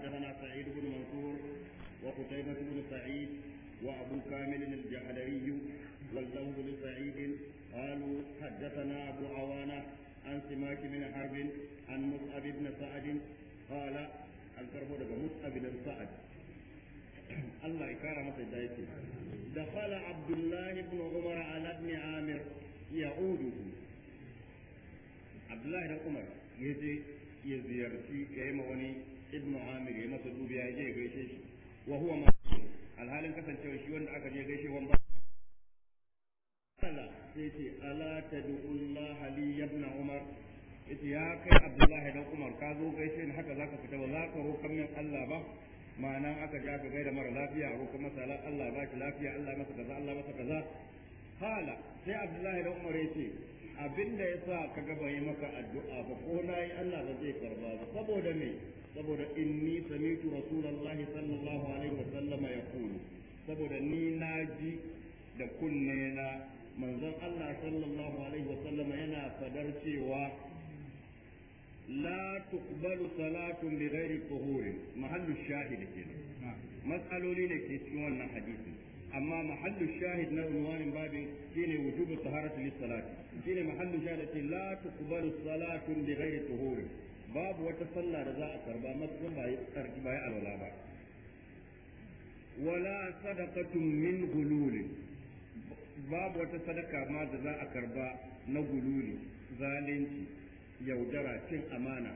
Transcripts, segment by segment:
حدثنا سعيد بن منصور وقتيبة بن سعيد وأبو كامل الجحدري واللوز بن سعيد قالوا حدثنا أبو عوانة عن سماك بن حرب عن مصعب بن سعد قال الكرب مصعب بن سعد الله يكرم سيدايته دخل عبد الله بن عمر على ابن عامر يعوده عبد الله بن عمر يجي يزيرتي كيما وني ibnu amir ya masa dubiya ya je gaishe shi wa huwa ma alhalin kasancewa shi wanda aka je gaishe wanda sala sai ce ala tad'ullaha li ibn umar yace ya kai abdullahi dan umar ka zo gaishe ni haka zaka fita ba za ka rokan min Allah ba ma'anan aka ja ka gaida mara lafiya rokan masa Allah ba ki lafiya Allah masa kaza Allah masa kaza hala sai abdullahi dan umar yace abinda yasa ka ga bai maka addu'a ba ko nayi Allah ba zai karba ba saboda me saboda inni sami'tu rasulullahi sallallahu alaihi wa sallama ya kulu saboda ni na ji da kunne na manzon Allah sallallahu alaihi wa sallama yana fadar cewa la لا bi ghairi بغير mahallu shahid kenan كده ne ke cikin wannan hadisi amma mahallu shahid na unwanin babin shine wujubu taharatu lis-salati shine mahallu shahid la tuqbalu salatu bi ghairi tuhurin babu wata sallah da za a karba matsayin ba ya alwala ba wala sadaqatun min gululin babu wata sadaka ma da za a karba na gululi zalunci yaudara cin amana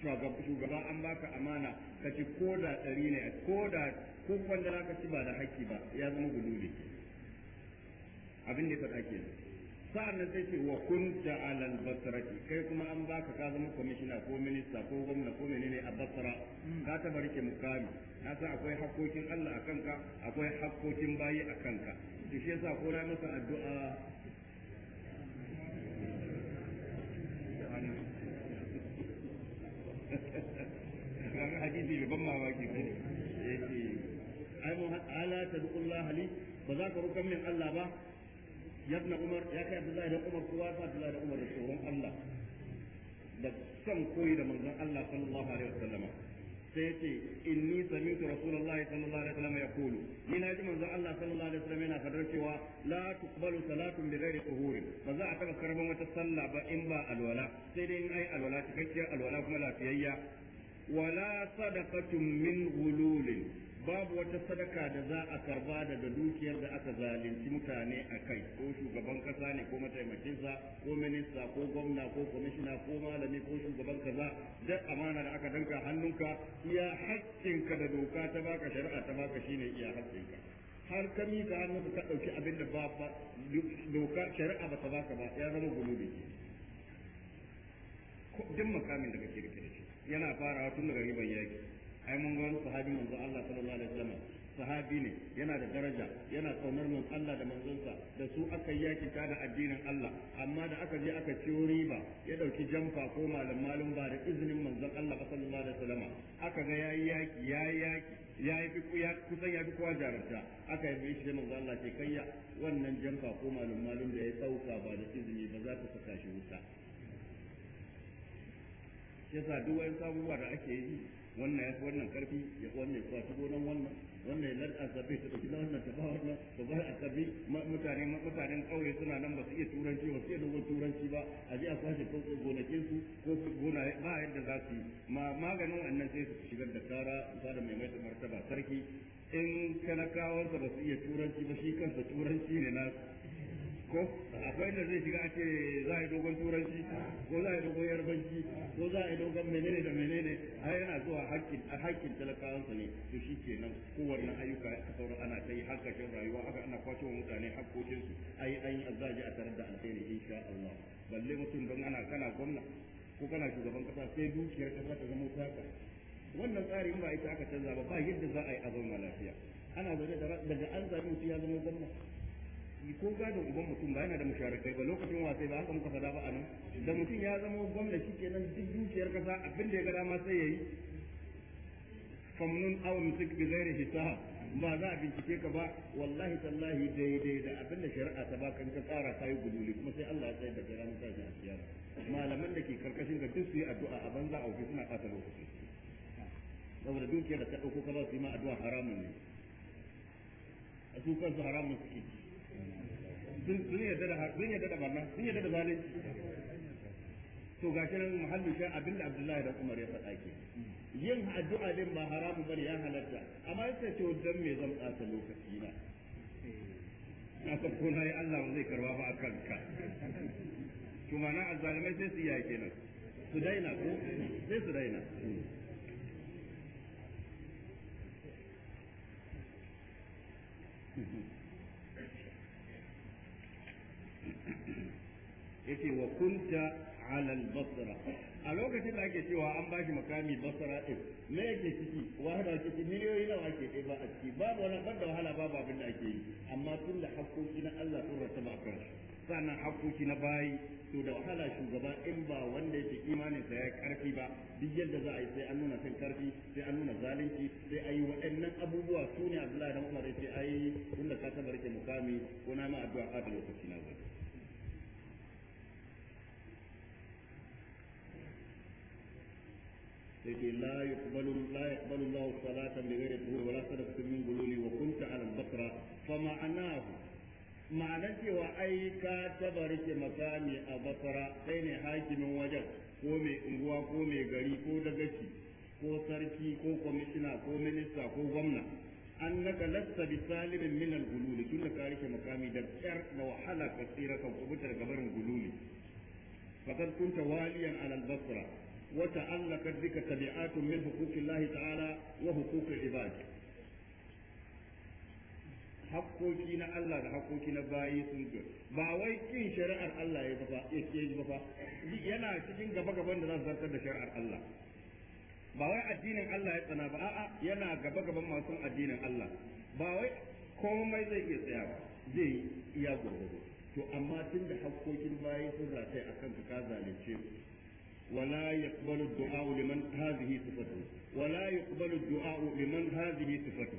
shugaba an baka amana ka ci ko da ɗari ne ko da wanda za ka ci ba da haƙƙi ba ya zama gululi abin da ya faɗa kenan sa'an nan sai ce wa kunta alal basrati kai kuma an baka ka zama kwamishina ko minista ko gwamna ko menene a basra mm. ka taba rike mukami na san akwai hakkokin Allah a kanka akwai hakkokin bayi a kanka shi yasa ko na masa addu'a kaga hadisi bai ban mamaki ko yace ai mun ala tadullah ba za ka rukan min Allah ba yabna umar ya kai abdullahi da umar kowa ya abdullahi da umar da tsoron Allah da san koyi da manzon Allah sallallahu alaihi wasallama sai yace inni sami'tu rasulullahi sallallahu alaihi wasallam yaqulu ni na ji manzon Allah sallallahu alaihi Wasallama yana fadar cewa la tuqbalu salatun bi ghairi tuhuri ba za a taba karban wata sallah ba in ba alwala sai dai in ai alwala cikakkiyar alwala kuma lafiyayya wala sadaqatun min ghululin babu wata sadaka da za a karba daga dukiyar da aka zalunci mutane a kai ko shugaban kasa ne ko mataimakinsa ko minista ko gwamna ko kwamishina ko malami ko shugaban kaza duk amana da aka danka hannunka iya haƙƙinka da doka ta baka shari'a ta baka shine iya haƙƙinka har ka hannunka ka ɗauki abin da ba doka shari'a ba ta baka ba ya zama ne. duk makamin da kake rike shi yana farawa tun daga riban yaki ai mun ga wani sahabi manzo Allah sallallahu alaihi wasallam sahabi ne yana da daraja yana kaunar mun Allah da manzonsa da su aka yaki ta da addinin Allah amma da aka je aka ciyo riba ya dauki jamfa ko malam malum ba da izinin manzon Allah sallallahu alaihi wasallam aka ga yayi yaki yayi yaki yayi fi ya kusan ya fi kowa jarumta aka yi shi da manzon Allah ke kayya wannan jamfa ko malam malum da ya sauka ba da izini ba za ta saka shi wuta yasa duk wani sabuwa da ake yi wannan ya fi wannan karfi ya wannan ya kwaci gonan wannan wannan ya larda sabbi ta dauki wannan ta ba wannan ta ba a sabbi mutane mutanen kauye suna nan ba su iya turanci ba su iya dogon turanci ba a je a kwashe gonakin su ko su gona ba yadda za su yi ma maganin wannan sai su shigar da kara ba da mai mai martaba sarki in talakawarsa ba su iya turanci ba shi kansa turanci ne na ko akwai da zai shiga ce za a yi dogon turanci ko za a yi dogon yarbanci ko za a yi dogon menene da menene a yana zuwa hakkin a hakkin talakawansa ne to shi kenan kowanne ayyuka a sauran ana ta yi harkashin rayuwa haka ana kwace wa mutane hakkokinsu ai an yi azzaji a tare da alheri insha Allah balle mutum don ana kana gwamna ko kana shugaban kasa sai dukiyar kasa ta zama saka wannan tsarin ba ita aka canza ba ba yadda za a yi a zauna lafiya ana zaune daga an zabi mutum ya zama gwamna ko gadon uban mutum ba yana da musharakai ba lokacin wasai ba haka muka fada ba anan da mutum ya zama gwamna shi kenan duk dukiyar kasa abin da ya ga dama sai yayi famnun aw misik bi ghairi hisab ba za a bincike ka ba wallahi tallahi daidai da abin da shari'a ta baka ka tsara kai gululi kuma sai Allah ya tsaya da garan ka da asiyar malaman da ke karkashin ka duk su yi addu'a a banza a wuce suna kasa lokaci saboda dukiyar da ta dauko kaza su yi ma addu'a haramun ne a su kansu haramun suke sun yarda da sun yarda da barna sun yarda da zalunci to ga shi nan muhallin shi abin da Abdullahi da Umar ya faɗa ke yin addu'a din ba haramu bane ya halatta amma yace to dan me zan ɓata lokaci na na san ko na Allah zai karba ba akan ka kuma na azzalimai sai su yake nan su daina ko sai su daina Mm-hmm. yace wa kunta ala basra a lokacin da ake cewa an bashi makami basra din me yake ciki wahala ciki miliyoyi nawa ake dai ba a ciki babu wani banda wahala babu abin da ake yi amma tun da hakkoki na Allah sun rasa ba kan sannan hakkoki na bayi to da wahala shugaba in ba wanda yake imanin sa ya karfi ba duk yadda za a yi sai an nuna kan karfi sai an nuna zalunci sai a yi waɗannan abubuwa su ne Abdullahi dan Umar yace ayi tun da ka tabarke mukami ko na ma addu'a a lokaci na ba. يقول لا يقبل لا يقبل الله صلاة بغير طهور ولا صدقة من قلولي وكنت على البقرة فمعناه ma'anar cewa ai ka taba rike makami a bakara sai ne hakimin wajen ko mai unguwa ko mai gari ko dagaci ko sarki ko kwamishina ko minista ko gwamna an naka lasta bi salimin minan gululi tun ka rike makami da kyar da wahala ka tsira kan kubutar gabarin gululi fakat kunta waliyan ala al وتعلقت بك تبعات من حقوق الله تعالى وحقوق العباد hakkoki na Allah da hakkoki na bayi sun ga ba wai kin shari'ar Allah ya ba yake ba fa yana cikin gaba gaban da zan zartar da shari'ar Allah ba wai addinin Allah ya tsana ba a'a yana gaba gaban masu addinin Allah ba wai komai zai iya tsaya ba zai iya gurgurdo to amma tun da hakkokin bayi sun rataye akan ka zalunce ولا يقبل الدعاء لمن هذه صفته ولا يقبل الدعاء لمن هذه صفته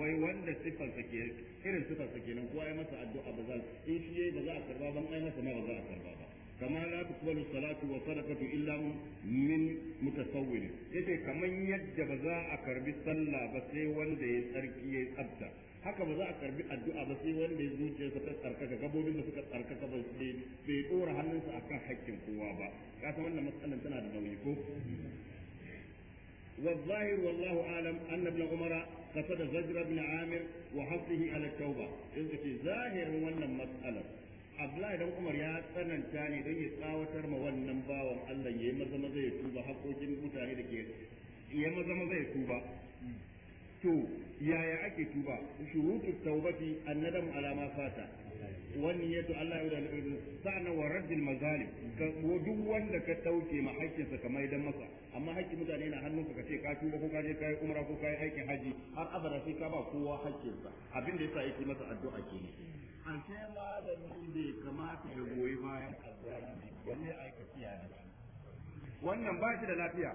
wai wanda sifar ke irin sifar ke nan kowa ya masa addu'a ba zan in shi yayi ba za a karba ban ai masa ma ba za a karba ba kama la tuqbalu salatu wa sadaqatu illa min mutasawwir yace kaman yadda ba za a karbi sallah ba sai wanda ya tsarki ya tsabta haka ba za a karbi addu'a ba sai wanda ya zuciyarsa ta tsarkaka gabobin da suka tsarkaka ba sai bai dora hannunsa akan hakkin kowa ba ka san wannan matsalar tana da nauyi ko والظاهر والله اعلم ان ابن عمر قصد زجر بن عامر وحثه على التوبه يذكر ظاهر wannan مساله Abdullahi dan Umar ya tsananta ne don ya tsawatar ma wannan bawan Allah yayi maza maza ya tuba hakokin mutane da ke yayi maza maza ya tuba to yaya ake tuba shurutu tawbati annadamu ala ma fata wani yato Allah ya da sa'an wa raddil mazalim ka duk wanda ka tauke ma hakkinsa ka idan masa amma hakkin mutane na hannunka ka ce ka tuba ko ka je kai umra ko kai aikin haji har abada sai ka ba kowa sa abin da yasa yake masa addu'a ke ne an sai malamin bai kamata ya goyi bayan addu'a wani aika wannan ba shi da lafiya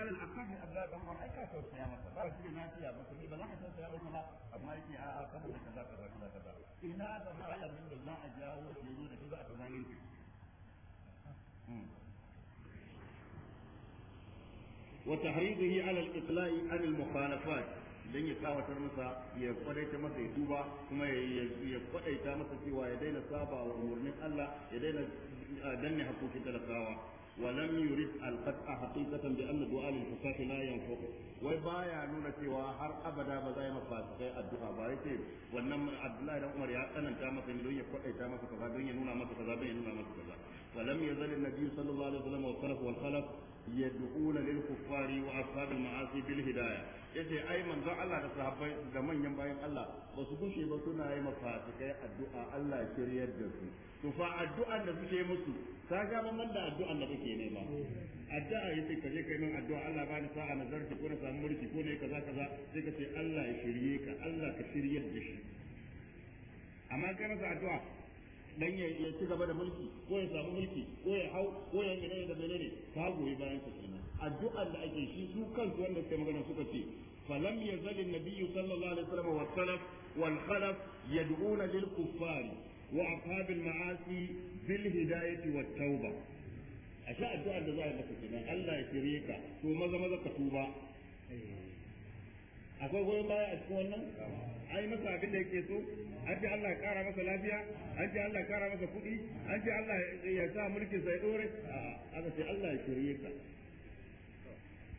alal da Allah dan wa aika to sai masa ba shi na tiya ba kuma ba za sai masa ba amma yake a a kan da kaza kaza kaza kaza ina da ma ya min Allah a jawo shi ne da shi a tunanin shi وتحريضه على الإطلاع عن المخالفات don ya tsawatar masa ya kwadaita masa ya duba kuma ya kwadaita masa cewa ya daina sabawa wa umarnin Allah ya daina danne hakokin talakawa ولم يرد القطع حقيقة بأن دعاء للفساق لا ينفق وبايا نونا سوى هر أبدا بزاي مفاسقة الدعاء بايتي ونم عبد الله بن عمر يأتنا تاما سندوية يقول تاما كذا بين ينونا ما كذا بين ينونا ما كذا ولم يزل النبي صلى الله عليه وسلم والخلف والخلف يدعون للكفار وأصحاب المعاصي بالهداية yace ai manzon Allah da sahabbai da manyan bayan Allah ba su gushe ba suna yi mafasikai addu'a Allah shiryar da su to fa addu'an da suke musu ta ga mamman da addu'an da kake nema addu'a yace ka je kai min addu'a Allah bani sa'a na zarki ko na samu mulki ko ne kaza kaza sai ka ce Allah ya shirye ka Allah ka shiryar da shi amma kana sa addu'a dan ya ci gaba da mulki ko ya samu mulki ko ya hau ko ya gane da menene ka goyi bayan ka kenan addu'ar da ake shi su kansu wanda suka magana suka ce falam yazal an-nabiy sallallahu alaihi wasallam wa salaf wal khalaf yad'una lil kuffar wa ashab al-ma'asi bil hidayati wat tauba asha addu'ar da za a maka kenan Allah ya kire ka to maza maza ka tuba akwai goyon baya a cikin wannan ai masa abin da yake so an ce Allah ya kara masa lafiya an ce Allah ya kara masa kuɗi an ce Allah ya sa mulkin sa ya dore a'a aka ce Allah ya kire ka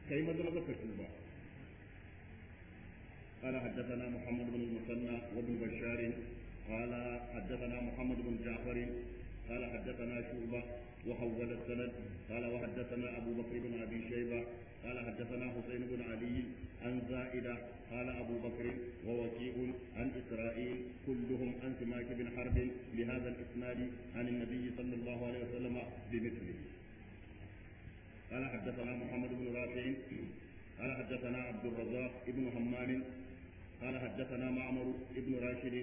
kai maza maza ka tuba قال حدثنا محمد بن المثنى وابن بشار قال حدثنا محمد بن جعفر قال حدثنا شعبة وحول السند قال وحدثنا أبو بكر بن أبي شيبة قال حدثنا حسين بن علي عن زائدة قال أبو بكر ووكيع عن إسرائيل كلهم عن سماك بن حرب بهذا الإسناد عن النبي صلى الله عليه وسلم بمثله قال حدثنا محمد بن رافع قال حدثنا عبد الرزاق بن همام قال حدثنا معمر بن راشد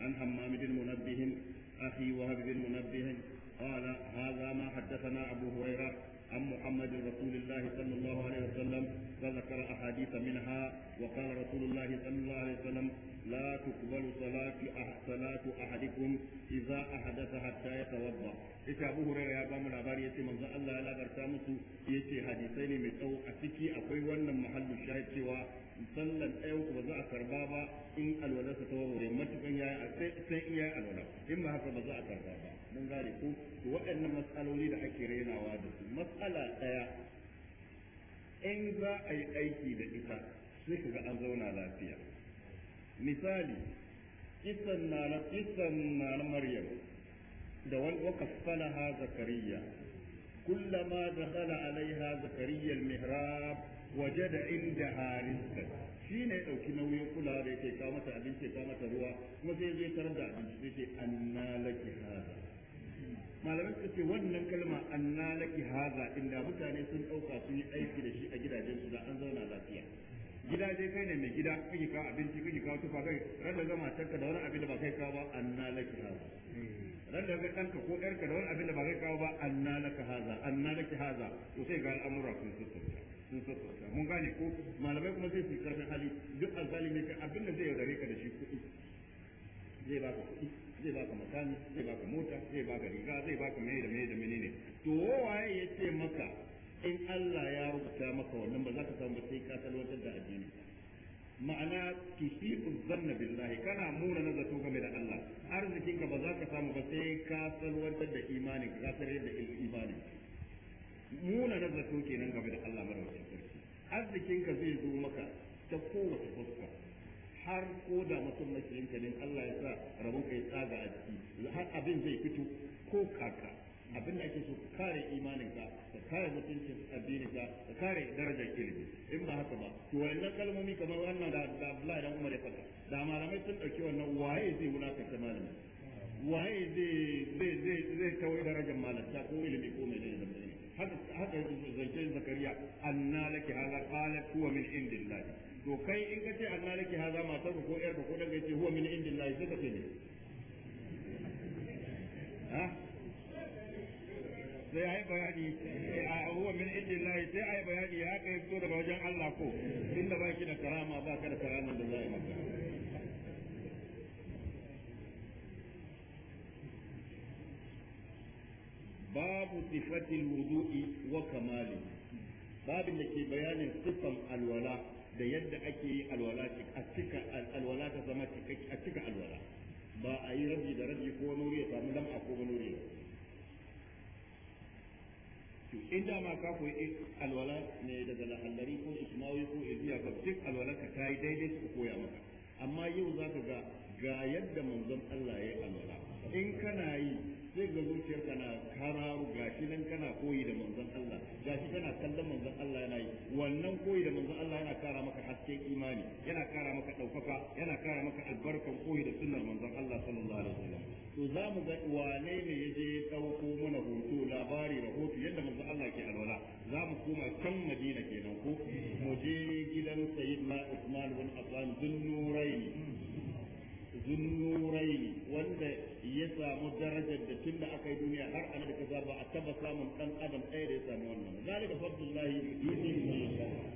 عن همام بن منبه اخي وهب بن منبه قال هذا ما حدثنا ابو هريره عن محمد رسول الله صلى الله عليه وسلم فذكر احاديث منها وقال رسول الله صلى الله عليه وسلم salatu kubaru salatu a hadikun ki za a haddasa harta ya tababba ita uburera ya bamu labarin ya ce manzo Allah ya labarta musu ya ke hadisai ne mai tsawo a ciki akwai wannan muhalli shacewa sallan ɗaya kuba za a karba ba in alwada su taura yamma tukan yaya a san iyaye alwada in na harsafa ba a karba ba don gari ko wa'annan matsaloli da ake rainawa da su matsala ɗaya in za a yi aiki da ita sai su ga an zauna lafiya. misali kisan na kisan na maryam da wal ha zakariya kullama dakhala alaiha Zakariya almihrab wajada indaha rizqan shine ne ya ɗauki nauyin kula da yake kawo mata abinci kawo mata ruwa kuma sai zai tarar da abinci sai ce anna laki haza malamai suka ce wannan kalma anna laki haza inda mutane sun ɗauka sun yi aiki da shi a gidajen su da an zauna lafiya gida dai kai ne mai gida kake kawo abinci kake kawo tufa kai ran da zama tanka da wani abin da ba kai kawo ba anna laki haza ran da kai tanka ko ɗarka da wani abin da ba kai kawo ba anna laki haza anna laki haza to sai ga al'amura sun sassauta sun sassauta mun gane ko malamai kuma zai su karfin hali duk alzalimi ka abin da zai yaudare ka da shi kuɗi zai baka kuɗi zai baka makami zai baka mota zai baka riga zai baka mai da mai da ne to waye ya ce maka in Allah ya rubuta maka wannan ba za ka samu sai ka talwatar da addini ma'ana tusiku zanna billahi kana muna nazato game da Allah arzikin ka ba za ka samu ba sai ka salwatar da imani ka sanar da imani muna nazato kenan game da Allah madaukakin sarki arzikin ka zai zo maka ta kowace fuska har ko da mutum mashirin ka ne Allah ya sa rabon ka ya tsaga a ciki har abin zai fito ko kaka abin da ake so ka kare imanin ka kare mutuncin addinin ka kare darajar ilimi in ba haka ba to wannan kalmomi kamar wannan da Abdullahi dan Umar ya faɗa da malamai sun dauki wannan waye zai ta malami waye zai zai zai zai kawai darajar malanta ko ilimi ko mai da menene haka haka zance Zakariya anna laki hadha qala huwa min indillah to kai in ka ce anna laki hadha matar ko yar ko dan ka ce huwa min indillah sai ka ce ne ha sai ai bayani a huwa min indillahi sai ai bayani ya kai fito daga wajen Allah ko tunda baki da karama ba ka da karama da zai maka babu sifatil wudu'i wa kamali babin da ke bayanin sifan alwala da yadda ake yi alwala a cika alwala ta zama a cika alwala ba a yi rabi da rabi ko wani wuri ya samu lam'a ko wani wuri in da ma ka koyi eh, alwala ne daga lahallari ko ismawi ko ibiya ba duk alwala ka yi daidai su koya maka amma yau za ka ga ga yadda manzon Allah ya yi alwala in kana yi sai ga zuciyar kana kararu gashi nan kana koyi da manzon Allah gashi kana kallon manzon Allah yana yi wannan koyi da manzon Allah yana kara maka hasken imani yana kara maka daukaka yana kara maka albarkan koyi da sunnar manzon Allah sallallahu alaihi wasallam to zamu ga wane ne yaje dauko mana hoto labari da za mu koma can madina kenan ko mu je gidan sayyidina Usman bin Affan dun nuraini zunnurai wanda ya samu darajar da da aka yi duniya har a da kasa ba a taba samun dan adam ɗaya da ya samu wannan zalika fadlullahi yuti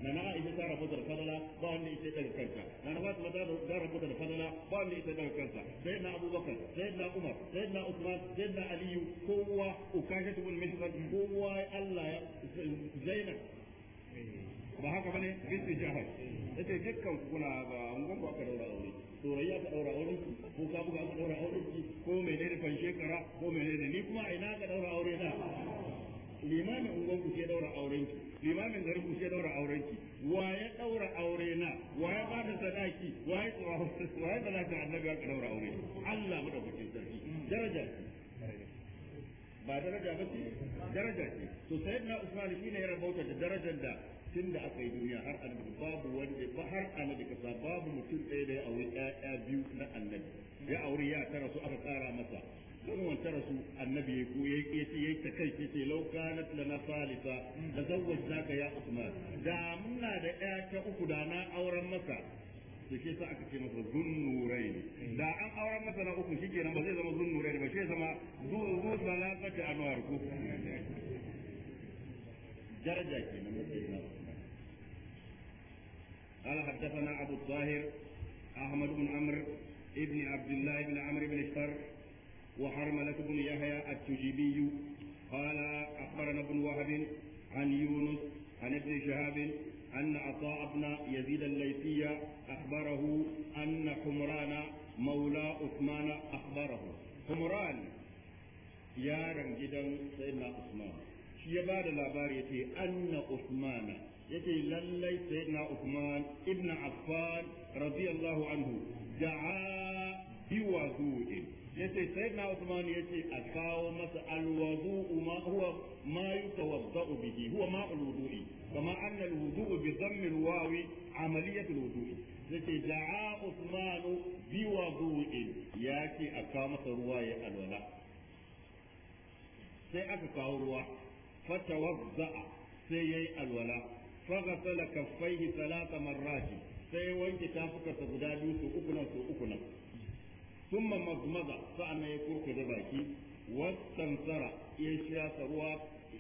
na na ita ta rabu da fadala ba wanda ita daga kanta na na fatima ta rabu da fadala ba wanda ita daga kanta sai na abubakar sai na umar sai na usman sai na aliyu kowa ukashatu bin mithlan kowa Allah ya zainab ba haka bane bisu jahar yace dukkan kuna ba ungon ba ka daura aure soyayya ka daura aure ko ka buga ka daura aure ko menene ban shekara ko menene ni kuma ina ka daura aure da limamin ungon ku ke daura auren ki limamin garin ku ke daura auren ki wa ya daura aure na wa ya bada sadaki wa ya wa ya sadaka annabi ka daura aure Allah mu da ku sarki daraja ba daraja ba ce daraja ce to sayyidina usman shine ya rabauta da darajar da tun da aka yi duniya har annabi babu wanda ba har annabi kasa babu mutum ɗaya da ya auri ƴaƴa biyu na annabi ya auri ya tara su aka tsara masa wani tara rasu annabi ya ko ya ce ya ta kai ce lau kanat lana salisa da zawwajnaka ya usman da muna da ɗaya ta uku da na auren masa to shi aka ce masa zunnurai da an auren masa na uku shi kenan ba zai zama zunnurai ba shi zama zuwa zalaka da anwar ko daraja kenan mutum قال حدثنا أبو الطاهر أحمد بن عمرو ابن عبد الله بن عمرو بن اشتر وحرملة بن يحيى التجيبي قال أخبرنا ابن وهب عن يونس عن ابن شهاب أن عطاء بن يزيد الليثي أخبره أن حمران مولى عثمان أخبره حمران يا جدا سيدنا عثمان shi ya ba da labari ya ce anna Usmana yace lallai na Uthman ibn Affan radiyallahu anhu ja'a bi wudu'in yace na Uthman yace a kawo masa alwudu'u ma huwa ma yutawadda'u bihi huwa ma alwudu'i kama anna alwudu'u bi dhammi alwaw amaliyat alwudu'i yace ja'a Uthman bi wudu'in yace a kawo masa ruwa ya alwala sai aka kawo ruwa fatawadda'a sai yayi alwala فغسل كفيه ثلاث مرات sai wanke tafukarsa guda biyu su uku su uku nan ثم مضمض sa'annan ya kurkuda baki wasamsara ya shafa ruwa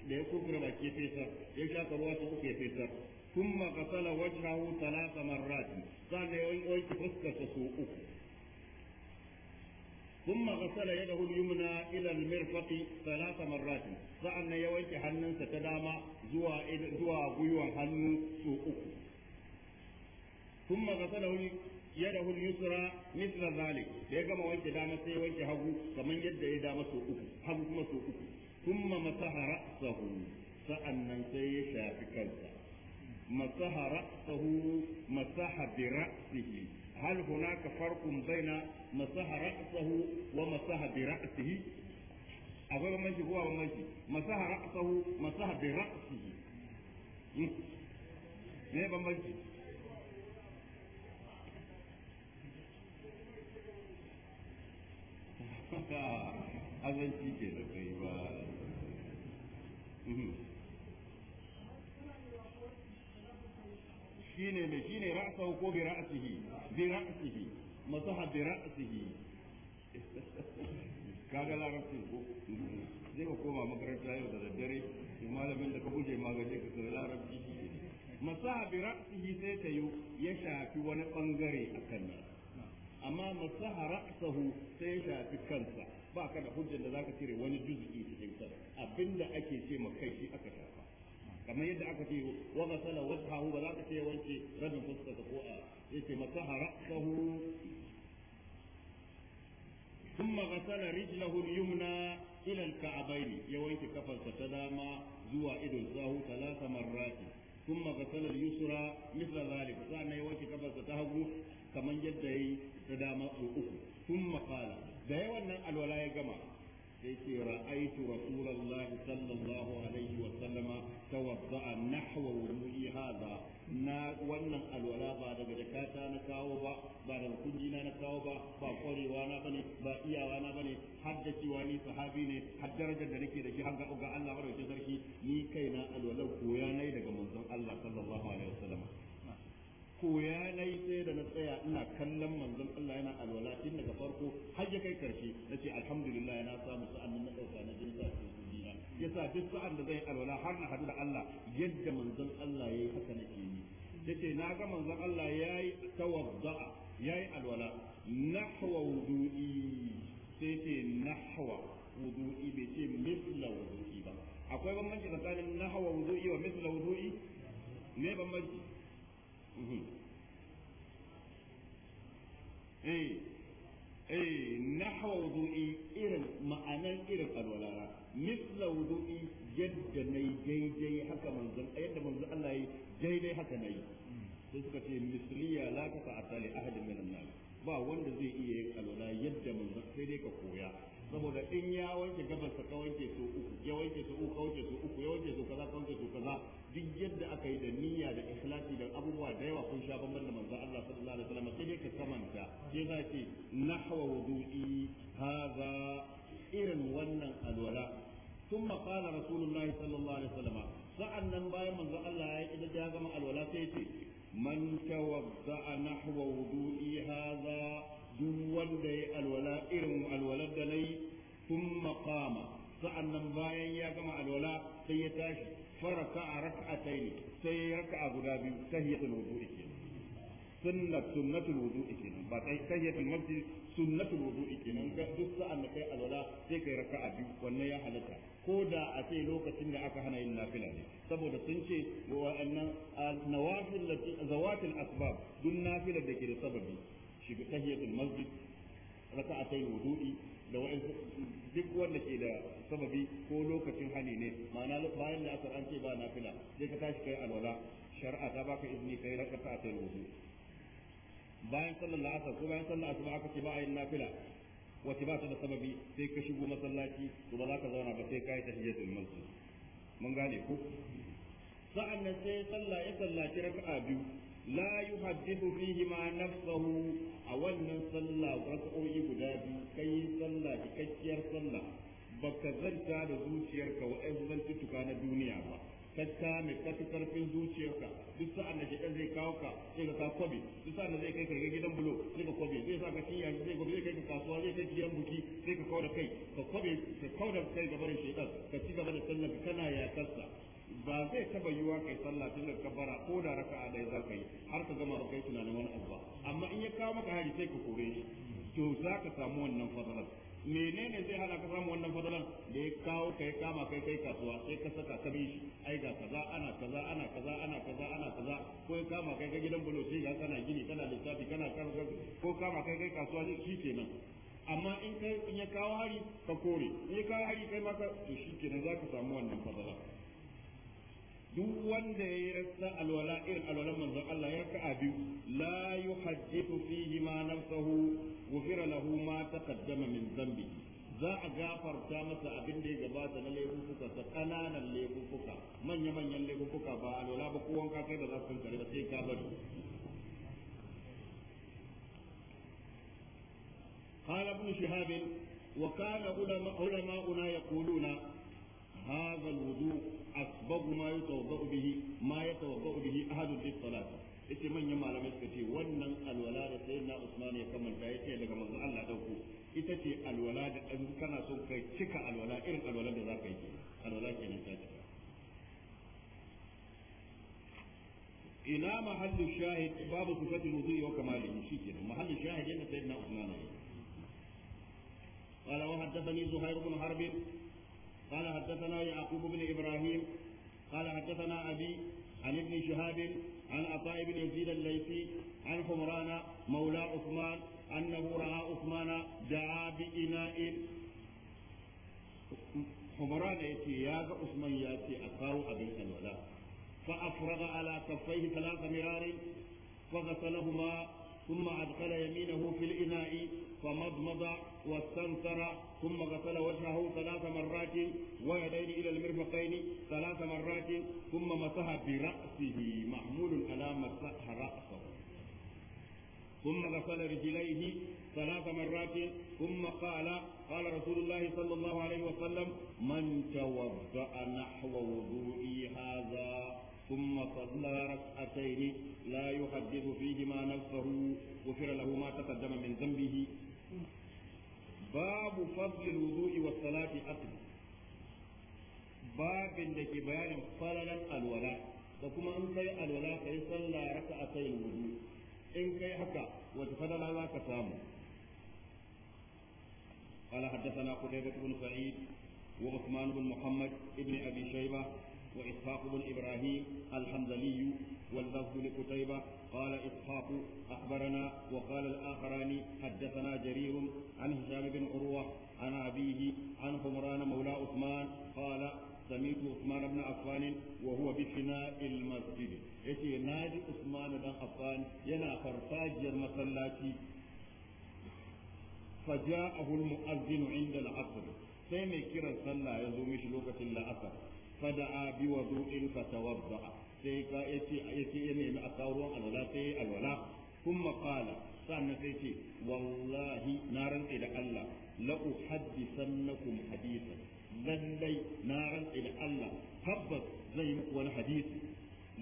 da ya kurkuda baki ya fesar ya shafa ruwa su uku ya fesar ثم غسل وجهه ثلاث مرات sa'annan ya wanke fuskarsa su uku ثم ilal يده اليمنى الى المرفق ثلاث مرات فان يوجه hannunsa ta dama zuwa zuwa hannu su uku ثم غسله يده اليسرى مثل ذلك da ya gama wanke dama sai wanke hagu kamar yadda ya dama so uku hagu kuma so uku thumma masaha ra'sahu sa'annan sai ya shafi kansa masaha ra'sahu masaha bi ra'sihi هل هناك فرق بين مسح رأسه ومسح برأسه أقول ماشي هو ماشي مسح رأسه مسح برأسه ليه ما ماشي أزل شيء كده shine mai shine ra'sahu ko bi ra'sihi bi ra'sihi masaha bi ra'sihi kaga larabci ko zai ka koma makaranta yau da daddare da malamin da ka buje magaje ka sai larabci masaha bi ra'sihi sai ta yi ya shafi wani bangare a nan amma masaha ra'sahu sai ya shafi kansa ba ka da hujjar da zaka cire wani juz'i cikin kansa abinda ake ce ma kai shi aka shafa kamar yadda aka ce wa gasala wajhahu ba za ka ce wanke rabin fuskarsa ko a yace masaha ra'sahu ثم غسل رجله اليمنى إلى الكعبين يوينك كفر تداما زوى إدو الزاه ثلاث مرات ثم غسل اليسرى مثل ذلك فأنا يوينك كفر تتهبو كمن يدعي تداما أخو ثم قال ده يوانا الولاية جماعة yace ra'aytu rasulullah sallallahu alaihi wa sallama tawadda'a nahwa wudu'i hadha na wannan alwala ba daga jakata na kawo ba ba daga kunjina na kawo ba ba kwarewa na bane ba iyawa na bane har da cewa ni sahabi ne har darajar da nake da shi har ga Allah madaukakin sarki ni kaina alwalan koya nai daga manzon Allah sallallahu alaihi wa sallama koya na yi sai da na tsaya ina kallon manzon Allah yana alwala tun daga farko har ya kai karshe na ce alhamdulillah na samu sa'an nan na ɗauka na jin sa sujudina ya sa duk sa'an da zai alwala har na hadu da Allah yadda manzon Allah ya yi haka nake yi yace na ga manzon Allah ya yi tawadda'a ya yi alwala nahwa wudu'i sai ce nahwa wudu'i bai ce misla wudu'i ba akwai bambanci tsakanin nahwa wudu'i wa misla wudu'i ne bambanci Mm-hmm. eh eh nahwa irin ma'anan irin alwalara misla wudu'i yadda nayi daidai yadda manzon yi daidai haka nayi sai suka ce misliya la ta fa'ala ahadin minan ba wanda zai iya yin alwala yadda manzon sai dai ka koya saboda in ya wanke gabas ka wanke su uku ya wanke su uku ka wanke su uku ya wanke su kaza ka wanke su kaza duk yadda aka yi da niyya da ikhlasi da abubuwa da yawa kun sha bamban da manzon Allah sallallahu alaihi wasallam sai dai ka kamanta sai za ki nahwa wudu'i hadha irin wannan alwala ثم قال رسول الله صلى الله عليه وسلم sa'annan bayan manzon Allah ya idan ya gama alwala sai ce man tawadda'a nahwa wudu'i hadha duk wanda ya alwala irin alwalar da nayi thumma qama sa'annan bayan ya gama alwala sai ya tashi فركع ركعتين سي ركع غدا بي تهية الوضوء كينا سنة سنة الوضوء كينا بعد تهية المسجد سنة الوضوء كينا duk sa'an da kai alwala sai kai raka'a biyu wannan ya halatta ko da a ce lokacin da aka hana yin nafila ne saboda sun ce wa'annan nawafil zawatil asbab duk nafilar da ke da sababi shiga tahiyatul masjid raka'atay wudu'i da wa'ansu duk wanda ke da sababi ko lokacin hali ne ma'ana bayan da asar an ce ba fila sai ka tashi kai alwala shari'a ta baka izini kai raka ta ta wudu bayan sallar asar ko bayan sallar asuba aka ce ba a yin nafila wace ba ta da sababi sai ka shigo masallaci to ba za ka zauna ba sai ka yi tahiyatul masjid mun gane ku sa'an nan sai sallah ya sallaci raka'a biyu la yuhaddithu fihi ma nafsahu a wannan sallah raka'o'i guda biyu kai sallah cikakkiyar sallah baka zanta da zuciyarka wa'azu zantuttuka na duniya ba ka kame ka fi karfin zuciyarka duk sa'an da shekan zai kawo ka sai ka ka duk sa'an da zai kai ka gidan bulo sai ka kwabe zai sa ka cinya zai kwabe zai kai ka kasuwa zai kai da kai ka ka ci gaba da sallar kana yakarsa ba zai taba yiwa kai sallah tun da kabara ko da raka'a ɗaya za ka yi har ka gama kai tunanin wani abu ba amma in ya kawo maka hari sai ka kore shi to za ka samu wannan fadalan menene zai hana ka samu wannan fadalan da ya kawo kai kama kai kai kasuwa sai ka saka ka bi shi ai ga kaza ana kaza ana kaza ana kaza ana kaza ko ya kama kai ka gidan bulo sai ga kana gini kana lissafi kana karfa ko kama kai kai kasuwa shi kenan amma in kai in ya kawo hari ka kore in ya kawo hari kai ma ka to shi kenan za ka samu wannan fadalan duk wanda ya yi rasa alwala irin alwalan manzon Allah ya ka abi la yuhajjitu fihi ma nafsahu ghufira lahu ma taqaddama min dhanbi za a gafarta masa abin da ya gabata na laifuka ta kananan laifuka manya manyan laifuka ba alwala ba ko wanka kai da za su kare da sai ka bari قال ابن شهاب وكان علماؤنا يقولون هذا الوضوء أسباب ما يتوضأ به ما يتوضأ به أحد للصلاة malamai suka ce wannan alwala da sai na Usman ya kamanta yace daga manzo Allah dauko ita ce alwala da kana son kai cika alwala irin alwala da zaka yi alwala kenan ta cika ina mahallu shahid babu sifatul wudu'i wa kamalihi shikenan mahallu shahid yana sayyidina Usman قال وحدثني زهير بن حرب قال حدثنا يعقوب بن إبراهيم قال حدثنا أبي عن ابن شهاب عن عطاء بن يزيد الليثي عن حمران مولى عثمان أنه رأى عثمان دعا بإناء حمران يأتي يا عثمان يأتي أقاو أبي الولاء فأفرغ على كفيه ثلاث مرار فغسلهما ثم أدخل يمينه في الإناء فمضمض واستنثر ثم غسل وجهه ثلاث مرات ويديه إلى المرفقين ثلاث مرات ثم مسح برأسه محمول على مسح رأسه ثم غسل رجليه ثلاث مرات ثم قال قال رسول الله صلى الله عليه وسلم من توضأ نحو وضوئي هذا ثم صلى ركعتين لا يحدث فيهما نفسه غفر له ما تقدم من ذنبه باب فضل الوضوء والصلاة أصل باب لك بيان فضلا الولاء وكما أن كي الولاء كي صلى ركعتين الوضوء إن كي حكى وتفضل على كسامه قال حدثنا قتيبة بن سعيد وعثمان بن محمد ابن أبي شيبة وإسحاق بن إبراهيم الحمدلي واللفظ لقتيبة قال إسحاق أخبرنا وقال الآخران حدثنا جرير عن هشام بن عروة عن أبيه عن حمران مولى عثمان قال سميت عثمان بن عفان وهو بفناء المسجد يتي نادي عثمان بن عفان ينا فرساج المسلاتي فجاءه المؤذن عند العصر sai mai kiran sallah ya zo mishi lokacin la'asar fada'a bi wudu'in fatawadda sai ka yace ya nemi a kawo ruwan alwala sai ya alwala kuma qala sannan sai ce wallahi na rantsa da Allah la uhaddisannakum hadithan lallai na rantsa da Allah tabbas zai muku wani hadisi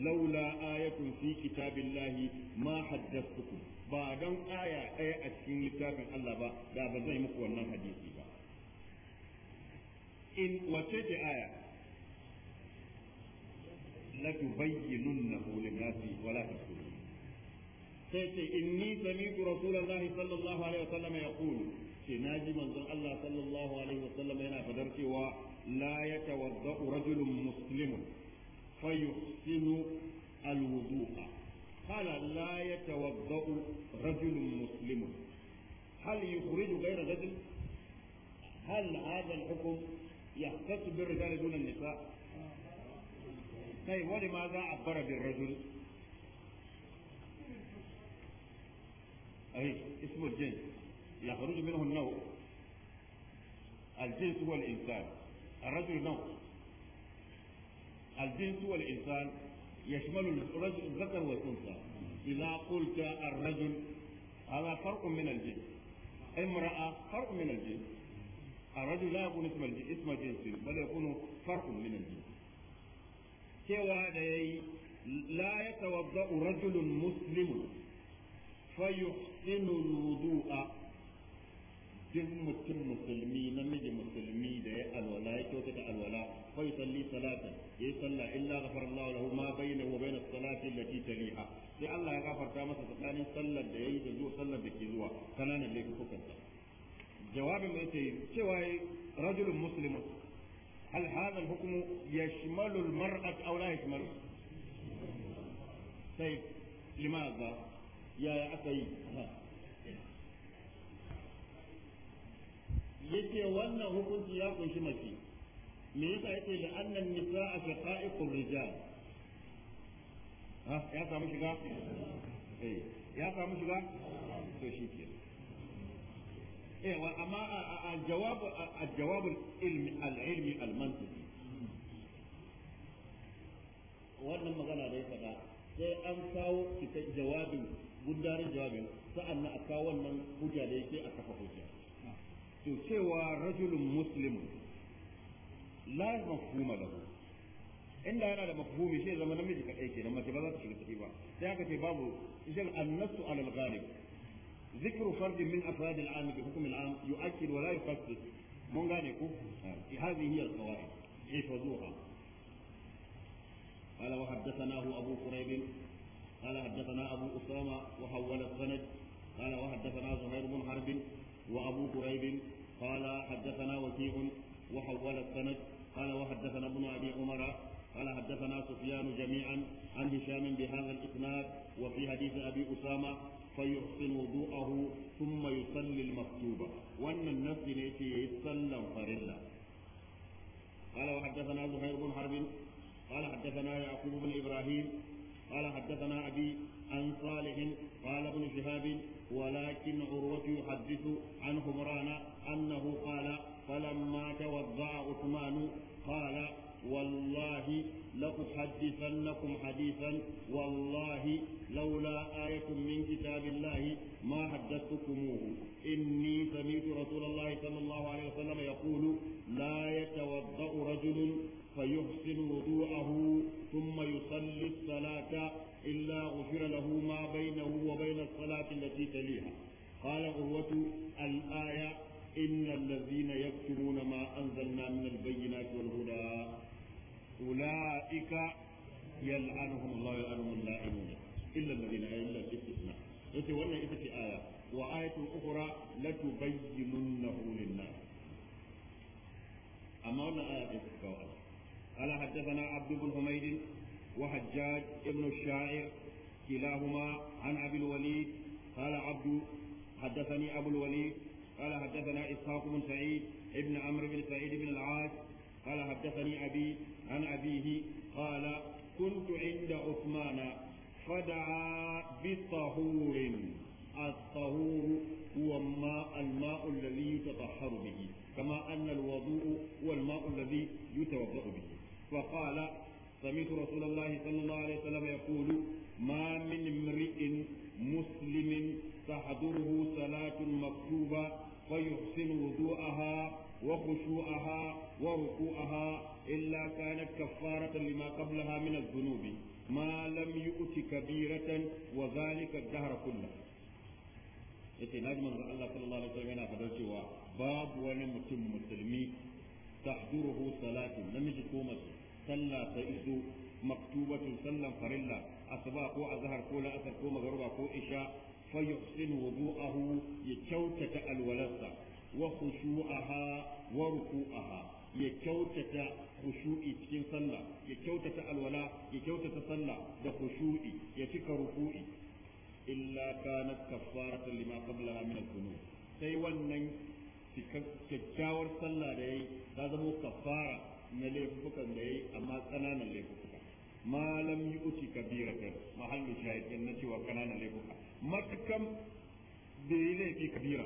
laula ayatun kitabin lahi ma haddathukum ba don aya ɗaya a cikin littafin Allah ba da ba zai muku wannan hadisi ba in wace ce aya لتبيننه للناس ولا تكتبوا سيدي إني سمعت رسول الله صلى الله عليه وسلم يقول في شناجي من الله صلى الله عليه وسلم هنا و لا يتوضأ رجل مسلم فيحسن الوضوء قال لا يتوضأ رجل مسلم هل يخرج غير رجل هل هذا الحكم يختص بالرجال دون النساء طيب ولماذا عبر بالرجل أي اسم الجنس يخرج منه النوع الجنس هو الإنسان الرجل نوع الجنس هو الإنسان يشمل الرجل الذكر والأنثى إذا قلت الرجل هذا فرق من الجنس امرأة فرق من الجنس الرجل لا يكون اسم الجنس بل يكون فرق من الجنس cewa da yayi la ya yatawadda'u rajulun muslimun fayuhsinu al-wudu'a duk mutum musulmi namiji musulmi da ya alwala ya kyauta da alwala fa yusalli salata ya salla illa ghafara Allah lahu ma bayna wa bayna salati allati taliha sai Allah ya gafarta masa tsakanin sallar da yayi da zuwa sallar da ke zuwa kananan laifukan sa jawabin mai ce cewa rajulun muslimun هل هذا الحكم يشمل المرأة أو لا يشمل طيب لماذا يا أخي yake wannan hukunci ya kunshi mace me yasa yake da annan ha ya samu shiga eh ya samu shiga yawa eh, amma al-jawab al-jawab al-ilmi al-ilmi al-mantiqi wannan magana da ya faɗa sai an kawo ita jawabin gundarin jawabin sa'an na a kawo wannan hujja da yake a kafa hujja to cewa rajulun muslimun la mafhuma lahu inda yana da mafhumi sai zama namiji kadai kenan mace ba za ta shiga ba sai aka ce babu shin annasu alal ghalib ذكر فرد من أفراد العام بحكم العام يؤكد ولا يفسد من قال هذه هي القواعد احفظوها إيه قال وحدثناه أبو قريب قال حدثنا أبو أسامة وحول السند قال وحدثنا زهير بن حرب وأبو قريب قال حدثنا وكيع وحول السند قال وحدثنا ابن أبي عمر قال حدثنا سفيان جميعا عن هشام بهذا الإسناد وفي حديث أبي أسامة فيحسن وضوءه ثم يصلي المكتوبة وأن النفس نيتي يتسلم فرلا قال وحدثنا زهير بن حرب قال حدثنا يعقوب بن إبراهيم قال حدثنا أبي عن صالح قال ابن شهاب ولكن عروة يحدث عن عمران أنه قال فلما توضع عثمان قال والله لأحدثنكم حديثا والله لولا آية من كتاب الله ما حدثتكموه إني سمعت رسول الله صلى الله عليه وسلم يقول لا يتوضأ رجل فيحسن وضوءه ثم يصلي الصلاة إلا غفر له ما بينه وبين الصلاة التي تليها قال عروة الآية إن الذين يكتمون ما أنزلنا من البينات والهدى أولئك يلعنهم الله يلعنهم اللائمون إلا الذين آية، إلا الاستثناء انت wannan ita في ايه وايه اخرى لتبينه للناس اما lin ايه amma wannan قال حدثنا عبد بن حميد وحجاج ابن الشاعر كلاهما عن ابي الوليد قال عبد حدثني ابو الوليد قال حدثنا اسحاق بن سعيد ابن عمرو بن سعيد بن العاش قال حدثني أبي عن أبيه قال كنت عند عثمان فدعا بطهور الطهور هو الماء الماء الذي يتطهر به كما أن الوضوء هو الماء الذي يتوضأ به فقال سمعت رسول الله صلى الله عليه وسلم يقول ما من امرئ مسلم تحضره صلاة مكتوبة فيحسن وضوءها وخشوعها وركوعها إلا كانت كفارة لما قبلها من الذنوب ما لم يؤت كبيرة وذلك الدهر كله yace na manzo Allah sallallahu alaihi wasallam yana fadar cewa babu wani mutum musulmi tahduruhu salatun namiji ko mace sallah ta iso maktubatun sallan farilla asuba ko azhar ko la'asar ko magruba ko isha fa yuhsinu wudu'ahu ya kyautata alwalarsa wa khushu'aha wa ruku'aha ya kyautata khushu'i cikin sallah ya kyautata alwala ya kyautata sallah da khushu'i ya cika ruku'i illa kanat kaffaratan lima qablaha min al-dhunub sai wannan kyakkyawar sallah da yayi ta zama kaffara na laifukan da yayi amma tsananan laifuka ma lam yu'ti kabiratan mahallu shahid na cewa kananan laifuka matakan bai laifi kabira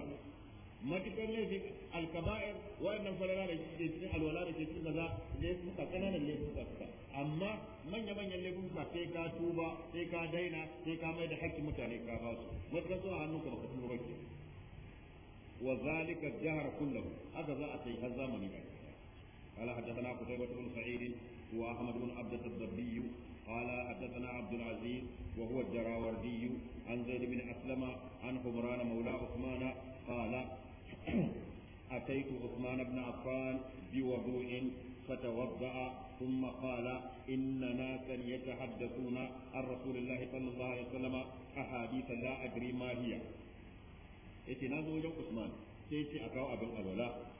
matukar laifin alkaba'ir wa'annan falala da ke cikin alwala da ke cikin kaza laifuka kananan laifuka suka suka amma manya manyan laifin ka sai ka tuba sai ka daina sai ka mai da haƙƙin mutane ka ba su wata suna hannun ka baka tuba ba ke wa zalika jahar kullahu haka za a sai har zamani ba قال حدثنا قتيبة بن سعيد وأحمد بن عبدة الضبي قال حدثنا عبد العزيز وهو الجراوردي عن زيد بن أسلم عن حمران مولى عثمان قال أتيت عثمان بن عفان بوضوء فتوضأ ثم قال إن ناسا يتحدثون عن رسول الله صلى الله عليه وسلم أحاديث لا أدري ما هي اتنازوا وجه عثمان سيتي أكاو أبن الولاء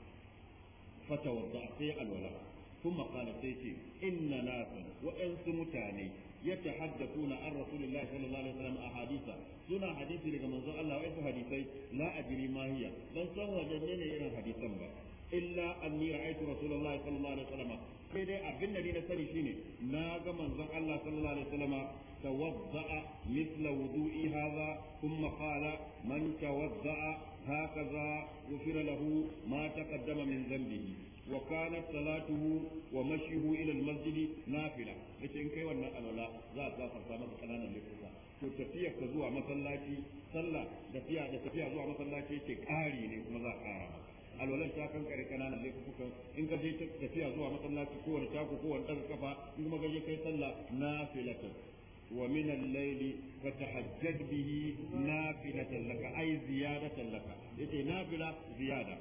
فتوضأ في الولاء ثم قال سيتي إن ناسا وإنس متاني يتحدثون عن رسول الله صلى الله عليه وسلم أحاديثا سنة حديث لك منظر الله وإيه حديثي لا أدري ما هي بل سوى جنين إلى حديثا بقى. إلا أني رأيت رسول الله صلى الله عليه وسلم sai dai abin da na sani shine na ga manzon Allah ta alaihi wasallama tawadda'a mithla wudu'i hadha thumma qala man tawadda'a hakaza ghufira lahu ma taqaddama min dhanbihi وكانت صلاته ومشيه إلى المسجد نافلة لكن كي ونا ألولا ذات ذات فرسامة كنانا لكسا تتفيا كزوع مسلاتي صلى تتفيا تتفيا زوع مسلاتي تكاري لكم ذا كارما alwalan ta kankare kananan laifuka in ka je tafiya zuwa masallaci kowane taku kowane ɗaga kafa in kuma gaje kai sallah nafilatan wa min al-layli fatahajjad bihi nafilatan laka ay ziyadatan laka yace nafila ziyada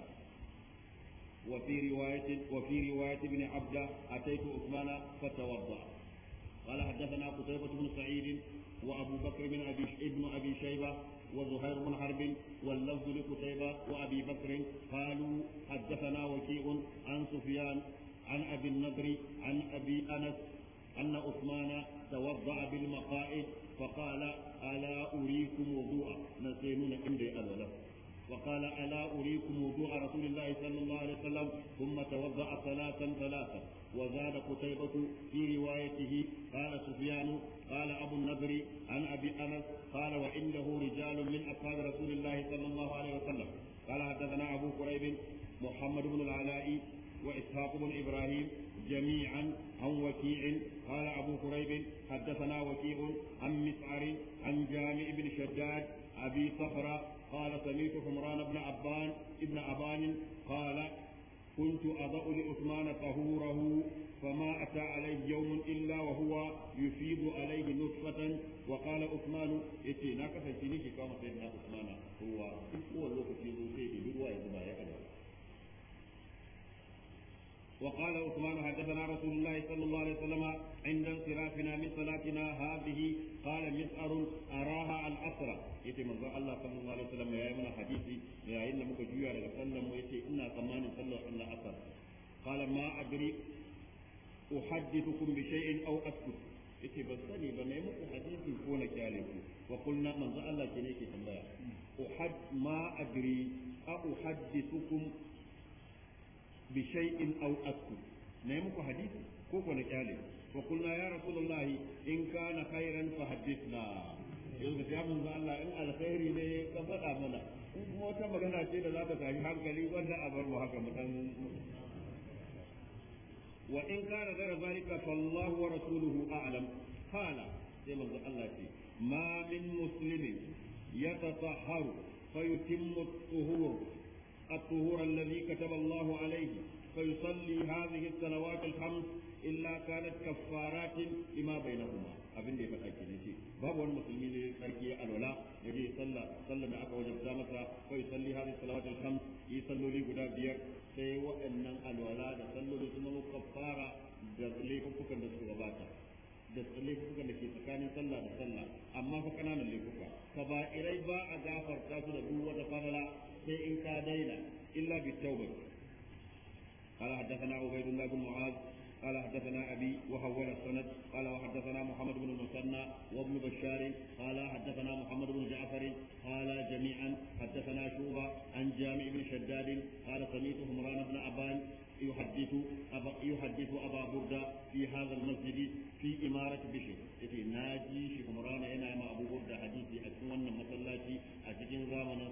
وفي رواية وفي رواية ابن عبد أتيت عثمان فتوضأ قال حدثنا قتيبة بن سعيد وأبو بكر بن أبي ابن أبي شيبة وزهير بن حرب واللفظ لقتيبة وأبي بكر قالوا حدثنا وكيع عن سفيان عن أبي النضر عن أبي أنس أن عثمان توضأ بالمقائد فقال ألا أريكم وضوءا نسيمون عندي أبدا وقال ألا أريكم وضوء رسول الله صلى الله عليه وسلم ثم توضأ ثلاثا ثلاثا وزاد قتيبة في روايته قال سفيان قال أبو النضر عن أبي أنس قال وإنه رجال من أصحاب رسول الله صلى الله عليه وسلم قال حدثنا أبو كريب محمد بن العلاء وإسحاق بن إبراهيم جميعا عن وكيع قال أبو كريب حدثنا وكيع عن مسعر عن جامع بن شداد أبي صخرة قال سمعت عمران بن عبان ابن عبان قال كنت أضع لعثمان طهوره فما أتى عليه يوم إلا وهو يفيض عليه نطفة وقال عثمان إتي ناقة سنيك كما سيدنا عثمان هو هو الوقت في روسيه بالرواية ما يقدر وقال عثمان حدثنا رسول الله صلى الله عليه وسلم عند انصرافنا من صلاتنا هذه قال مسعر أراها عن أسرى يتي من الله صلى الله عليه وسلم يا من حديثي يا إن مكجوية لسلم ويتي إنا ثمان صلى الله أسرى قال ما أدري أحدثكم بشيء أو أسكت yace ban sani ba nayi muku hadisi ko na kyale ku wa kulna manzo Allah ke ne ke tambaya uhad ma adri a uhaddithukum bi in au asku ne muku hadisi ko ko na kyale fa kulna ya rasulullahi in kana khairan fa hadithna yanzu ka mun Allah in alkhairi ne ka faɗa mana in wata magana ce da za ta tafi hankali wanda a bar mu haka mu dan wa in kana gara zalika fa Allah wa rasuluhu sai Allah ce الطهور الذي كتب الله عليه فيصلي هذه الصلوات الخمس إلا كانت كفارات لما بينهما abin da ya faɗa ke ce babu wani musulmi ne sarki ya alwala ya je sallah sallah da aka wajabta masa ko ya salli hadis salawatul khams yi guda biyar sai waɗannan alwala da salloli sun kaffara da laifukan da suka gabata da laifukan da ke tsakanin sallah da sallah amma fa kananan laifuka fa ba ba irai a gafarta su da duk wata fadala sai in ka daina illa bi tauba قال حدثنا عبيد الله بن معاذ قال حدثنا ابي وحول السند قال وحدثنا محمد بن المثنى وابن بشار قال حدثنا محمد بن جعفر قال جميعا حدثنا شوبه عن جامع بن شداد قال سميت عمران بن ابان يحدث أبا يحدث أبا بردة في هذا المسجد في إمارة بشر يتي ناجي شيخ مرانا هنا مع أبو بردة حديثي أتمنى مسلاتي أتجن زامن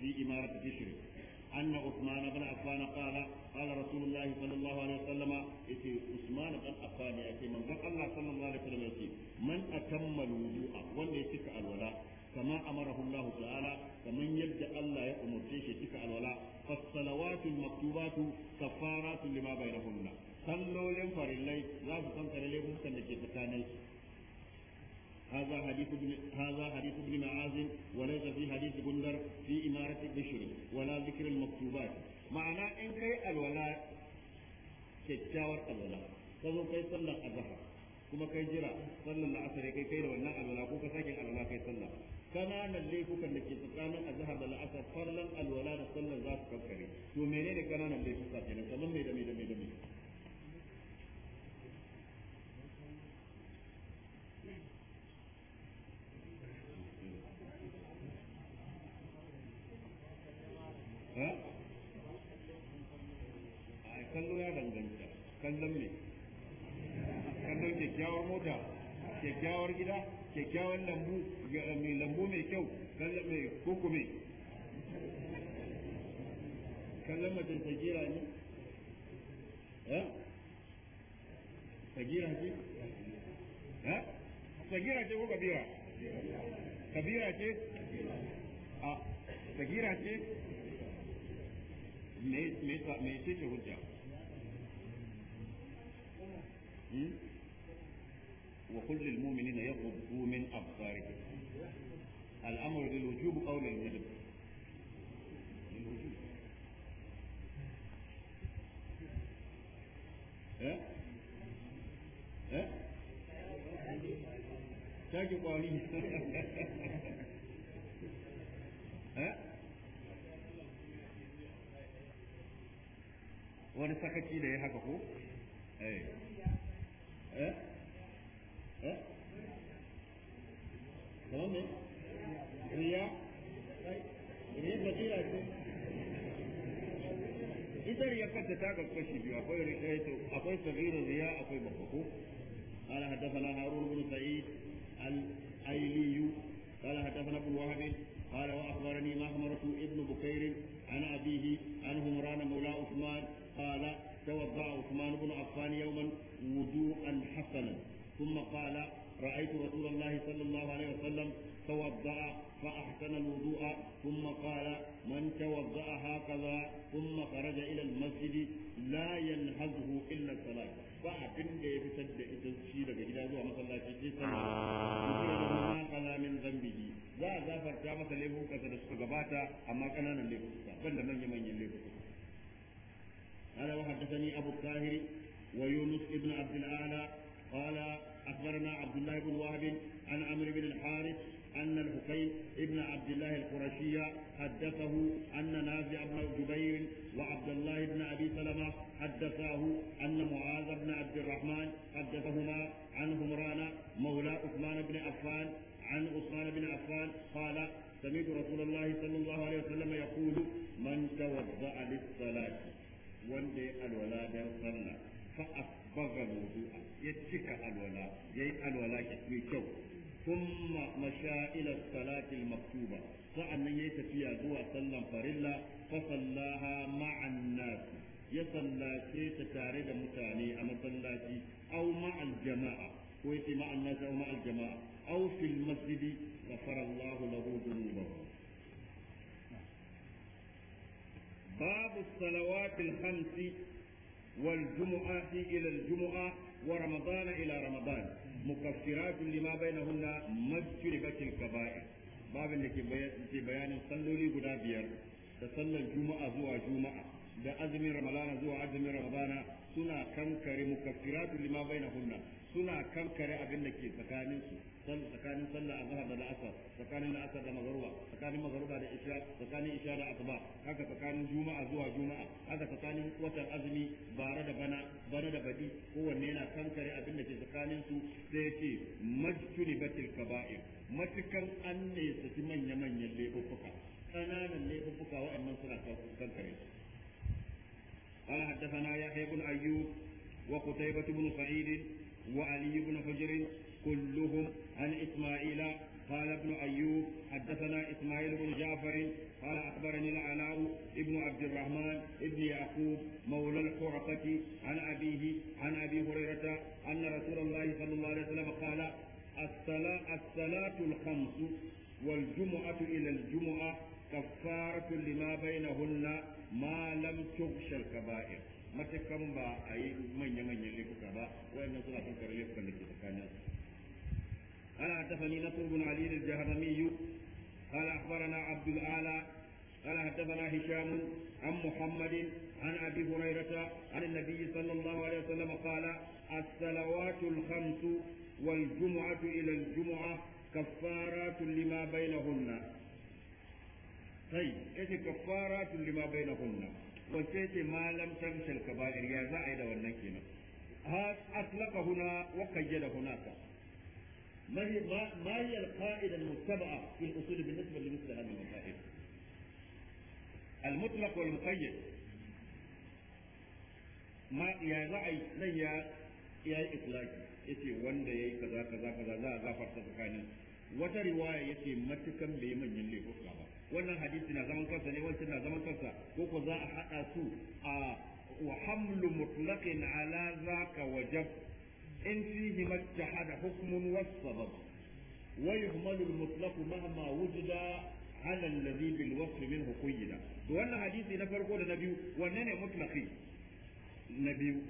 في إمارة بشر أن عثمان بن عفان قال قال رسول الله صلى الله عليه وسلم إتي عثمان بن عفان يأتي من الله صلى الله عليه وسلم يأتي من أتم الوضوء وأن يتك الولاء kama amarahu Allah ta'ala kaman yadda Allah ya umurce shi cika alwala fassalawatu maktubatu kafaratu lima bainahunna sallolin farillai za su kankare laifukan da ke tsakanin هذا حديث ابن هذا حديث ابن معاذ وليس في حديث بندر في إمارة بشر ولا ذكر المكتوبات معنى إن كي الولاء كتشاور الولاء فذو كي صلى الظهر kuma kai jira sallan da asare kai kai da wannan alwala ko ka sake ƙananan laifukan da ke tsakanin azhar da la'asar farlan alwala da sallar za su kankare to menene ƙananan laifuka kenan kamar me da me da me da me kyakkyawan lambu mai lambu mai kyau kallon mai kukume kallon mace tagira ne ya tagira ce ya tagira ce ko kabira kabira ce a tagira ce me ce ce hujja hmm? وقل للمؤمنين يغضوا من أبصارهم الأمر للوجوب أو للوجب للوجوب ها؟ ها؟ تاجب عليه ها؟ wani sakaci da ya haka ها ها eh kamar ne riya riya kabira ce ita riya kanta ta ga kashi biyu akwai riya to akwai sabirin riya akwai babbaku قال حدثنا هارون بن سعيد الايلي قال حدثنا ابن وهب قال واخبرني مخمرة ابن بكير عن ابيه عن همران مولى عثمان قال توضا عثمان بن عفان يوما وضوءا حسنا ثم قال رأيت رسول الله صلى الله عليه وسلم توضأ فأحسن الوضوء ثم قال من توضأ هكذا ثم خرج إلى المسجد لا ينهزه إلا الصلاة فأبن دي بسد إتنشير إلى زوى مثلا في صلاة هكذا من ذنبه za a zafarta masa laifukansa da suka gabata amma kananan laifuka banda manya-manyan laifuka قال وحدثني أبو الطاهر ويونس ابن عبد الأعلى قال أخبرنا عبد الله بن وهب عن عمرو بن الحارث أن الحكيم ابن عبد الله القرشي حدثه أن نافع بن جبير وعبد الله بن أبي سلمة حدثاه أن معاذ بن عبد الرحمن حدثهما عن همران مولى عثمان بن عفان عن عثمان بن عفان قال سمعت رسول الله صلى الله عليه وسلم يقول من توضأ للصلاة وانت الولاد صلى فأصبح baga mawdu'a ya cika alwala yayi alwala ki kyau thumma masha ila maktuba sa'annan yayi tafiya zuwa sallan farilla fa sallace ta tare da mutane a masallaci aw ma'al jama'a ko yace babu salawatil khamsi والجمعة إلى الجمعة ورمضان إلى رمضان مكفرات لما بينهن مجتنبة الكبائر باب اللي في بيان صلولي قدا بيار تصلى الجمعة زوى جمعة da رمضان ramadana zuwa رمضان سنة suna kankare mukaffiratun lima bainahunna suna kankare abin da ke tsakanin su tsakanin sallah azhar da la'asar tsakanin la'asar da magruba tsakanin magruba da isha tsakanin isha da asuba haka tsakanin juma'a zuwa juma'a haka tsakanin watan azumi bare da bana bare da badi kowanne yana kankare abin da ke tsakanin su sai ya ce majtuni batil kaba'ir matukan an ne su manya manyan laifuffuka ƙananan laifuffuka wa'annan suna kankare haddasa na ya بن ayyu وقتيبة بن سعيد وعلي بن حجر كلهم عن إسماعيل قال ابن أيوب حدثنا إسماعيل بن جعفر قال أخبرني العلاء ابن عبد الرحمن ابن يعقوب مولى الحرقة عن أبيه عن أبي هريرة أن رسول الله صلى الله عليه وسلم قال الصلاة, الصلاة الخمس والجمعة إلى الجمعة كفارة لما بينهن ما لم تغش الكبائر matakan ba a yi manya-manyan laifuka ba wayannan suna kankare laifukan da ke tsakanin قال حدثني نصر بن علي الجهرمي قال اخبرنا عبد الاعلى قال حدثنا هشام عن محمد عن ابي هريره عن النبي صلى الله عليه وسلم قال الصلوات الخمس والجمعه الى الجمعه كفارات لما بينهن طيب ايش كفارات لما بينهن wacce ce malam tamshal kaba'ir ya za a yi da wannan kenan ha aslaka huna wa kayyada hunaka ما هي ما هي القاعدة المتبعة في الأصول بالنسبة لمثل هذه المسائل؟ المطلق والمقيد ما يا زعي لن يا يا إطلاقي yace wanda yayi kaza kaza kaza za a gafarta tsakanin wata riwaya yace matukan bai manyan laifuka ba wannan hadisi na zaman kansa ne wancan na zaman kansa ko ko za a hada su a wa hamlu mutlaqin ala zaka wajab in fihi majtahada hukmun wa sabab wa yuhmalu al-mutlaq mahma wujida ala alladhi bil wasf minhu qayyida to wannan hadisi na farko da na biyu wanne ne mutlaqi na biyu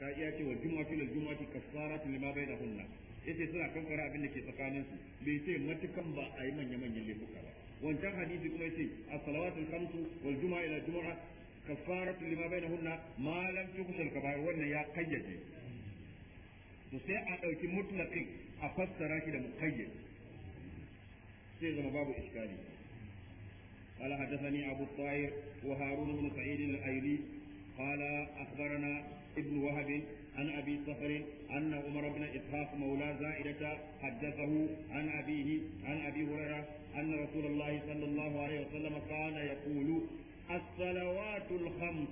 ka iya cewa jumu'atu lil jumu'ati kaffaratu lima bainahunna yace suna kankara abin da ke tsakaninsu bai ce matukan ba a yi manya-manyan laifuka ba wancan hadisi kuma yace as-salawatul khamsu wal juma'a ila juma'a kafaratu lima bainahunna ma lam tukhsha al wannan ya kayyade to sai a dauki mutlaqin a fassara shi da muqayyad sai zama babu iskari قال حدثني أبو الطائر وهارون بن سعيد الأيلي قال أخبرنا ابن وهب عن أبي صخر أن عمر بن إسحاق مولى زائدة حدثه عن أبيه عن أبي هريرة أن رسول الله صلى الله عليه وسلم كان يقول الصلوات الخمس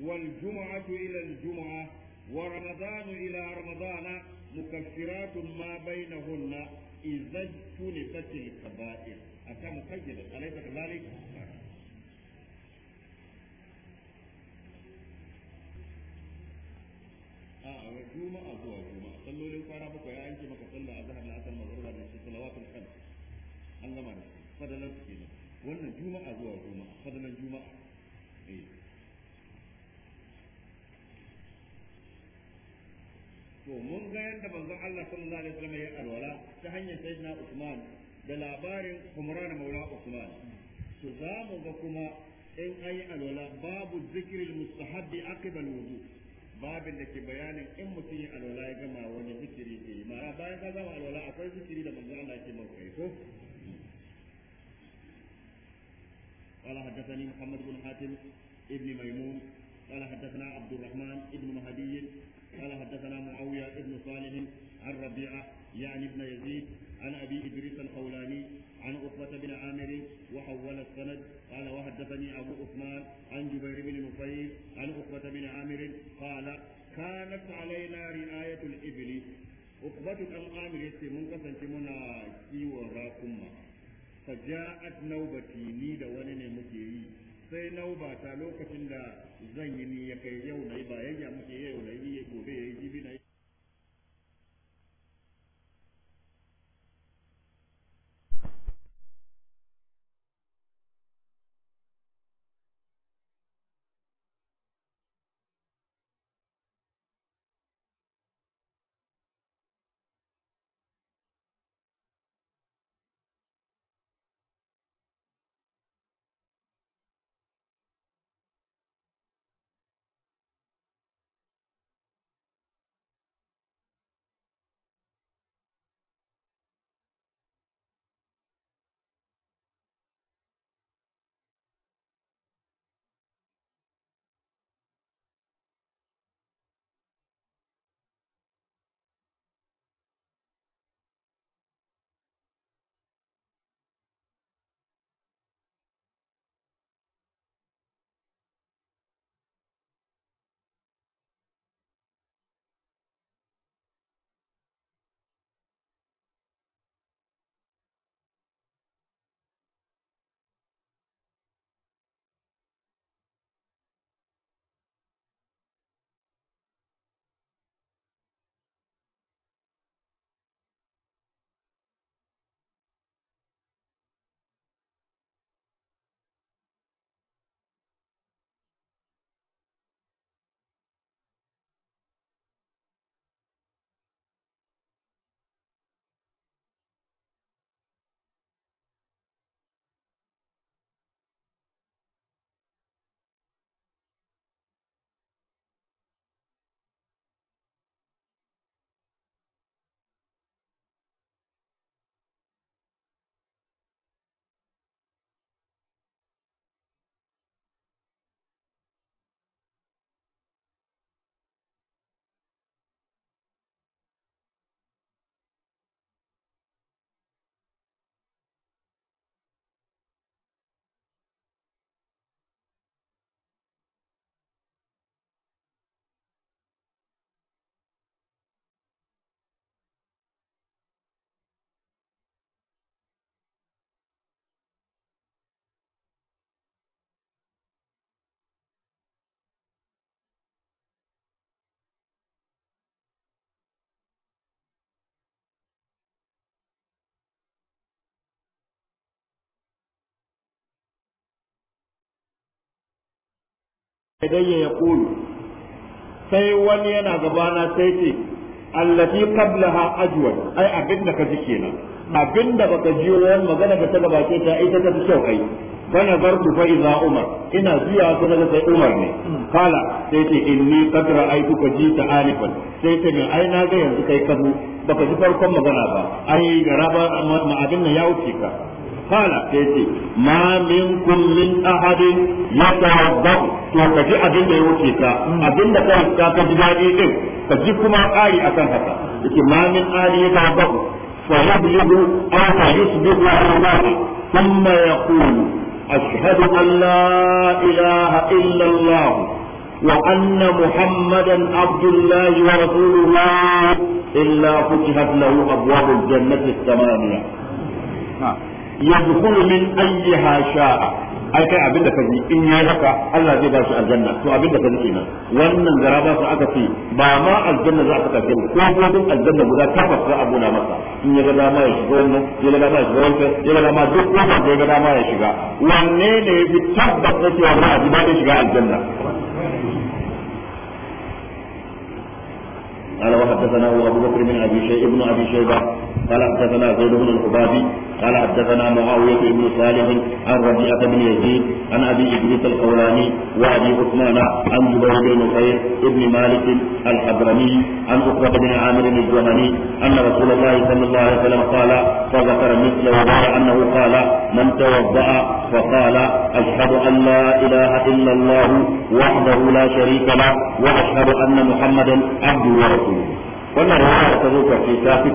والجمعة إلى الجمعة ورمضان إلى رمضان مكفرات ما بينهن إذا اجتنبت الكبائر أتى مقيدا أليس كذلك؟ A'a, a juma'a zuwa juma'a sallolin fara bakwai ya yanke maka sallah a zahar na asar magruba da shi salawatul khams an gama da shi fadalan su kenan wannan juma'a zuwa juma'a fadalan juma'a eh to mun ga yadda manzon Allah sallallahu alaihi wasallam ya alwala ta hanyar sayyidina Usman da labarin Umran maula Usman to za mu ga kuma in ayi alwala babu zikril mustahabbi aqibal wudu' babin da ke bayanin in mutum ya alwala ya gama wani zikiri ke yi mara bayan ka gama alwala akwai zikiri da manzo Allah ke maka kai ko قال حدثني محمد بن حاتم ابن ميمون قال حدثنا عبد الرحمن ابن مهدي قال حدثنا معاوية ابن صالح عن ربيعة يعني ابن يزيد عن أبي إدريس الخولاني عن عقبة بن عامر وحول السند قال وحدثني أبو عثمان عن جبير بن نفيل عن عقبة بن عامر قال كانت علينا رعاية الإبل عقبة بن عامر يسي من قسم منا كيو راكما فجاءت نوبتي نيد ونن مكيري sai nauba ta lokacin da zan yi ni ya kai yau na yi ba yayya muke yau na yi gobe ya yi jibi na yi yadayya ya ƙulu sai wani yana gabana sai ce allati qablaha ajwad ai abin da ka ji kenan abin da baka ji wani magana ba ta gabace ta ita ta fi kyau ai bana ku fa iza umar ina zuwa ta daga sai umar ne kala sai ce inni ku ta ta alifan sai ce ne ai na ga yanzu kai kamu? baka ji farkon magana ba ai garaba amma abin nan ya wuce ka qala sai ce ma minkum min ahadin yatawaddahu to ka ji abin da ya wuce ka abin da kai ka ji dadi din ka ji kuma ƙari akan haka yake ma min ahadin fa aw yusbihu ثم يقول أشهد أن لا إله wa الله وأن محمدا عبد الله ورسوله إلا فتحت له أبواب الجنة الثمانية yadkhulu min ayyiha sha'a ai kai abin da kaji in ya haka Allah zai ba shi aljanna to abin da kaji kenan wannan garaba su aka ce ba ma aljanna za ka kace ko ko aljanna guda tabbas za a buna masa in ya ga dama ya shiga wannan ya ga ma ya shiga wannan ya ga ma duk wanda ya ga ma ya shiga wanne ne ya fi tabbas da cewa za a ji daɗin shiga aljanna قال وحدثنا ابو بكر بن ابي شيبه ابن ابي شيبه قال حدثنا زيد بن الخبابي قال حدثنا معاوية بن صالح عن ربيعة بن يزيد عن أبي إدريس القولاني وأبي عثمان عن جبير بن نصير بن مالك الحضرمي عن عقبة بن عامر الجهني أن رسول الله صلى الله عليه وسلم قال فذكر مثل وقال أنه قال من توضأ فقال أشهد أن لا إله إلا الله وحده لا شريك له وأشهد أن محمدا عبده ورسوله. wannan ruwa ta zo ta ce ta fi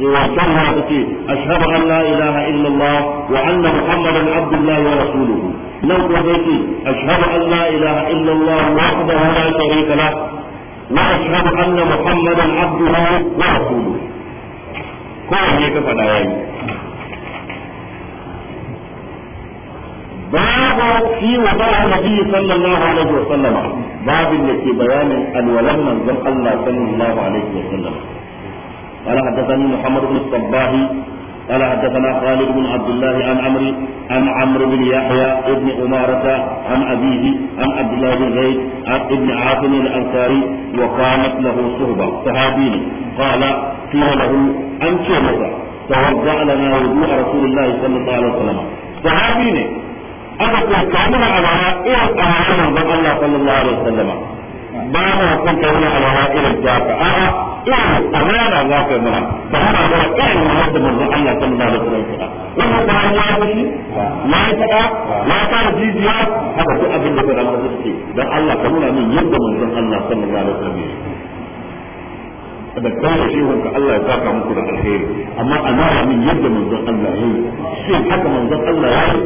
وصلها تكي أشهد أن لا إله إلا الله وأن محمدا عبد الله ورسوله لو قضيتي أشهد أن لا إله إلا الله وحده لا شريك له وأشهد أن محمدا عبده ورسوله كون هيك فدعي باب في وضع النبي صلى الله عليه وسلم باب التي بيان الولد من الله صلى الله عليه وسلم قال حدثني محمد بن الصباح قال حدثنا خالد بن عبد الله عن عمرو عن عمرو بن يحيى بن أمارة عن أبيه عن عبد الله بن زيد عن ابن عاصم الأنصاري وكانت له صحبة صحابي قال قيل له أنت متى توضأ لنا وضوء رسول الله صلى الله عليه وسلم صحابي aka ce ka muna alwala irin alwala manzon Allah sallallahu alaihi wasallam ba mu hukunta wani alwala irin ta a'a irin amana za ka mura ba hana ba irin wanda manzon Allah sallallahu alaihi wasallam ya faɗa wannan ba ya fushi ya faɗa ya fara jijiya haka duk abin da ka rama suke dan Allah ka nuna min yadda manzon Allah sallallahu alaihi wasallam ya da kare shehun ka Allah ya saka muku da alheri amma a nuna min yadda manzon Allah ya yi shin haka manzon Allah ya yi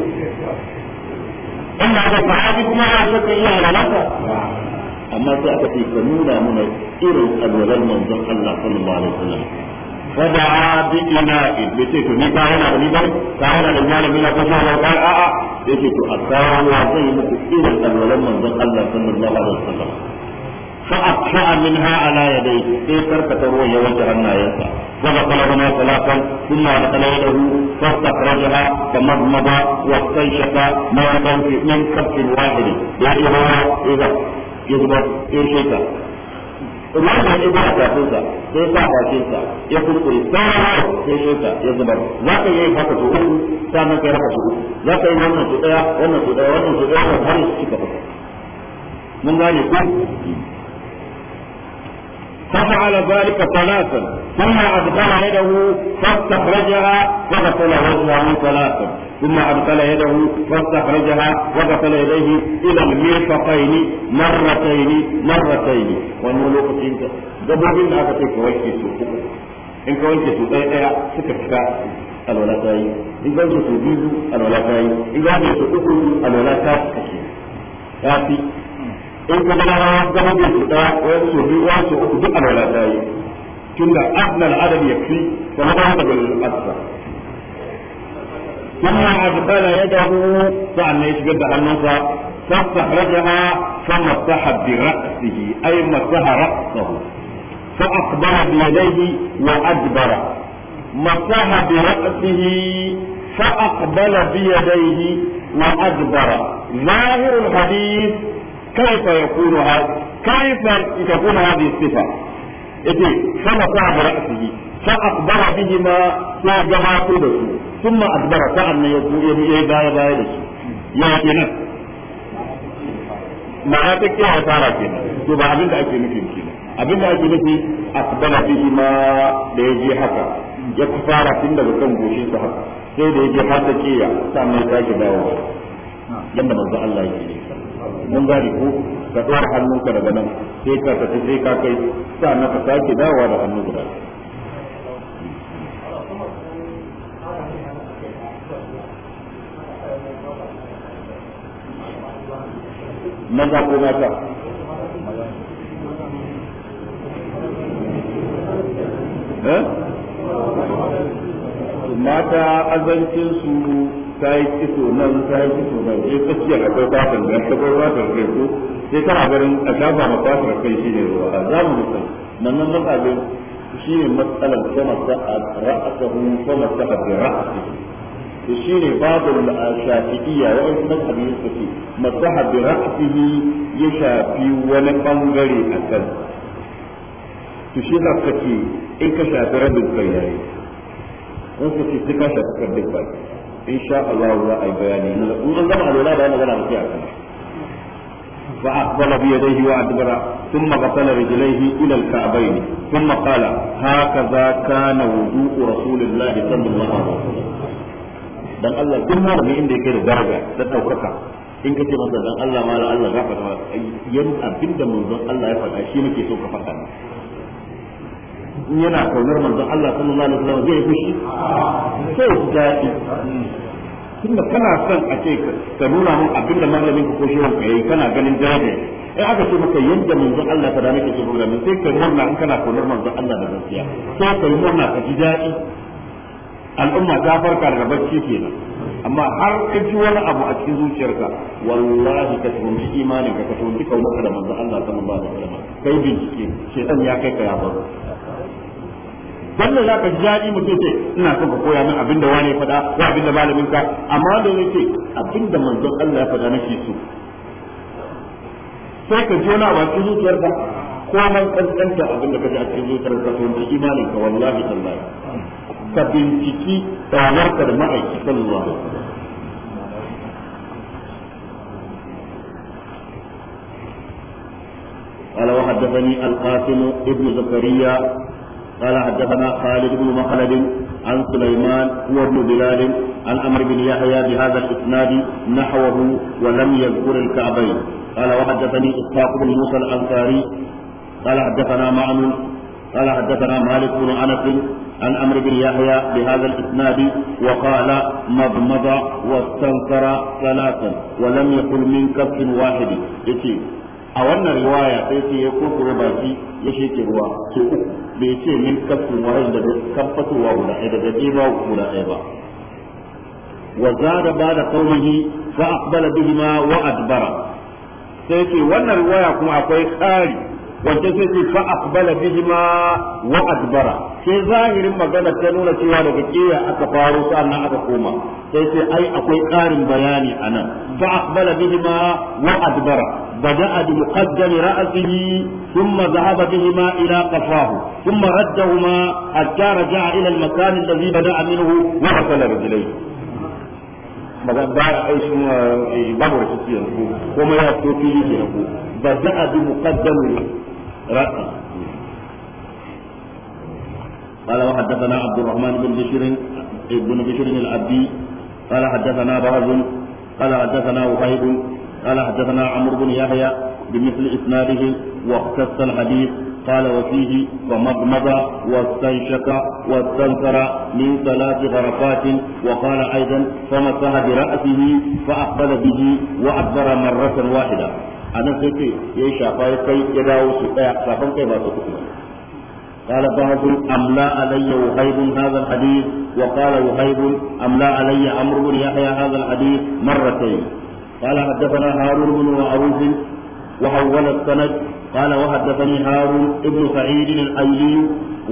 inda aka sahabi kuma ya saka iya halaka amma sai aka ce ka nuna mana irin alwalar manzon Allah sallallahu alaihi wasallam fada bi ina in bi ce to ni ba yana da ni ba ta yana da malam ina ko sai ba a a ta to asawa zai muku irin alwalar manzon Allah sallallahu alaihi wasallam fa aqsha ha ala yadayhi sai karkata ruwa ya wata hannayensa kuma kala kuma salatan kuma da kala da hu fa takrajaha kamar mada wa sayyata ma yanfi min kafin wahidi ya ibara idan ya gudanar ya sheka ruwan da ya ba a kafin sa sai sa bakin ya kurkure sai ya sheka ya zubar za ka yi haka su uku kai haka su uku za ka yi wannan su daya wannan su daya wannan su daya har su cika mun gane ku ففعل ذلك ثلاثا ثم أدخل يده فاستخرجها وغسل وجهه ثلاثا ثم أدخل يده فاستخرجها وغسل يديه إلى المرفقين مرتين مرتين والملوك تلك دبوبين لا تتك وجه إن كنت سوء إيه، إيه، سكتك الولدين تاي إن كنت سوء الولدين إن كنت سوء الولدين in ka gana gama bai su ɗaya wani su biyu wani su uku duk alwala ta yi tun da adna al'adad ya fi kuma ba ta bil asfa kuma adkala yadahu sa'an ya shigar da hannunsa فاستخرجها فمسح برأسه أي مسح رأسه فأقبل بيديه وأدبر مسح برأسه فأقبل بيديه وأدبر ظاهر الحديث كيف يكون هذا كيف تكون هذه الصفة إيه برأسه فأخبر بهما سيجمع ثم أخبر فأن يقول يبقى يبقى يبقى ma'ana ta ما asara ke to ba abinda ake nufin ke abinda ake nufi asbala bihi ma da ya je haka ya fara tun daga kan goshin sa haka sai da ya je har ta ya sake dawo yanda manzo Allah mun gane ko ka tsara hannunka daga nan sai ka tafi sai ka kai sa na ka sake dawowa da hannu guda maza ko mata eh? mata su ta yi kiso nan ta yi kiso nan sai eh, tsakiyar akwai a da ta kai fatan kai ko sai ta ganin a shafa ma fatan kai shi ne ruwa a zamu mutum nan nan nan abin shi ne matsalar sama ta ra'asahu sama ta ra'asi to shi ne babu shafi'iyya wa'in mazhabi ne suke masaha bi ra'sihi ya shafi wani bangare a kan to shi za ka ce in ka shafi rabin kai yayi in ka ce sai ka shafi kan duk baki insha Allah za a yi bayani in an gama alwala da magana ba sai a kan fa aqbala bi yadayhi wa adbara thumma ghasala rijlayhi ila al-ka'bayn thumma qala hakaza kana wudu'u rasulillah sallallahu alaihi wasallam dan Allah duk malami inda yake da daraja da daukaka in kace masa dan Allah mala Allah gafarta masa yan abinda manzon Allah ya faɗa shi muke so ka faɗa yana kaunar manzon Allah sallallahu alaihi wasallam zai fushi sai daɗi tunda kana son a ce ka nuna mun abinda malamin ka ko shewan ka yayi kana ganin jaje in aka ce maka yanda manzon Allah ka da nake so programin sai ka nuna in kana kaunar manzon Allah da gaskiya so ka murna ka ji daɗi al'umma ta farka daga bacci kenan amma har ka ji wani abu a cikin zuciyarka wallahi ka tuhumci imanin ka ka wani kaunarka da manzon Allah sallallahu alaihi wasallam kai bincike dan ya kai ka ya baro wannan zaka ji daɗi mutum ce ina son ka koya min abinda wani ya faɗa ko abinda malamin ka amma da yake abinda manzo Allah ya faɗa nake so sai ka ji wani abu a cikin zuciyarka ko man kankanta abinda ka ji a cikin zuciyarka to imanin ka wallahi tallahi ka binciki tsawarkar ma'aiki sallallahu alaihi wasallam قال وحدثني القاسم ابن زكريا قال حدثنا خالد بن مخلد عن سليمان هو ابن بلال عن عمرو بن يحيى بهذا الاسناد نحوه ولم يذكر الكعبين قال وحدثني اسحاق بن موسى الانصاري قال حدثنا معمر قال حدثنا مالك بن انس عن عمرو بن يحيى بهذا الاسناد وقال مضمض واستنكر ثلاثا ولم يقل من كف واحد يتي a wannan riwaya sai sai ya kurkure baki ya sheke ruwa sai uku bai ce min kafin wahal da kaffatowa guda ɗaya daga ɗeba guda ɗaya ba wa zada ba da kaunihi fa aqbala bihima wa adbara sai ce wannan riwaya kuma akwai ƙari wancan sai ce fa aqbala bihima wa adbara sai zahirin magana ta nuna cewa daga kiya aka faro sannan aka koma sai sai ai akwai ƙarin bayani anan fa aqbala bihima wa adbara bada'a bi muqaddami ra'sihi thumma dhahaba bihima ila qafahu thumma raddahuma hatta raja'a ila al-makan alladhi bada'a minhu wa qala ba a aishin eh, babu rashin yanzu kuma ba رأى قال وحدثنا عبد الرحمن بن بشير بن بشير العبدي قال حدثنا بهز قال حدثنا وهيب قال حدثنا عمرو بن يحيى بمثل اسناده واختص الحديث قال وفيه فمضمض واستنشق واستنكر من ثلاث غرفات وقال ايضا فمسح براسه فاقبل به وادبر مره واحده a nan sai ce ya yi shafa ya kai ya dawo su daya safan kai ba su uku قال بعض أملا علي وهيب هذا الحديث وقال وهيب أملا علي عمرو بن يحيى هذا الحديث مرتين قال حدثنا هارون بن معروف وحول السند قال وحدثني هارون ابن سعيد الايلي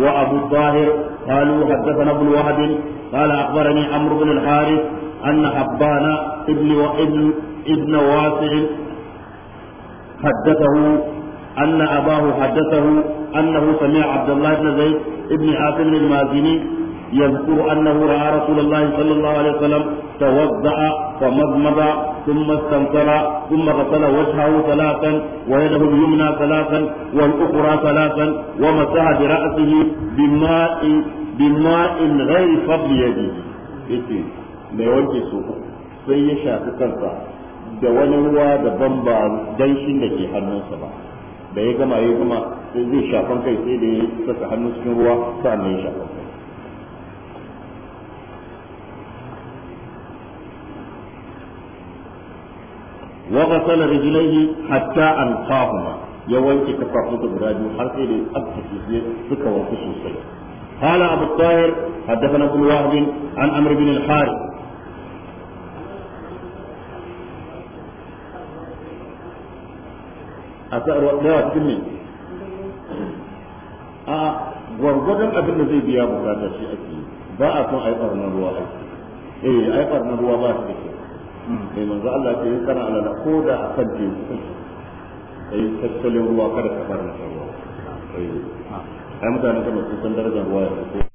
وابو الظاهر قالوا حدثنا ابن وهب قال اخبرني عمرو بن الحارث ان حبان ابن وابن ابن واسع حدثه أن أباه حدثه أنه سمع عبد الله بن زيد بن عاصم المازني يذكر أنه رأى رسول الله صلى الله عليه وسلم توضأ فمضمض ثم استنكر ثم غسل وجهه ثلاثا ويده اليمنى ثلاثا والأخرى ثلاثا ومسح برأسه بماء بماء غير فضل يده. mai wanke su sai ya shafi kansa da wani ruwa daban ba danshin da ke hannunsa ba da ya gama ya gama sai zai shafan kai sai da ya saka hannun cikin ruwa sa'annan ya shafan kai wa ghasala rijlaihi hatta qahuma ya wanke kafafunsa guda biyu har sai da ya tsaftace suka wanku sosai قال أبو الطاهر حدثنا ابن وهب عن عمرو بن الحارث a sa ruwa da cikin ne a gwargwadon abin da zai biya bukata shi ake ba a son a yi ɓarnar ruwa aiki eh a yi ɓarnar ruwa ba shi da kyau eh manzo Allah ce yin kana alala ko da a kan teku eh tattalin ruwa kada ka ɓarnar ruwa eh ai mutane kamar su san darajar ruwa ya ko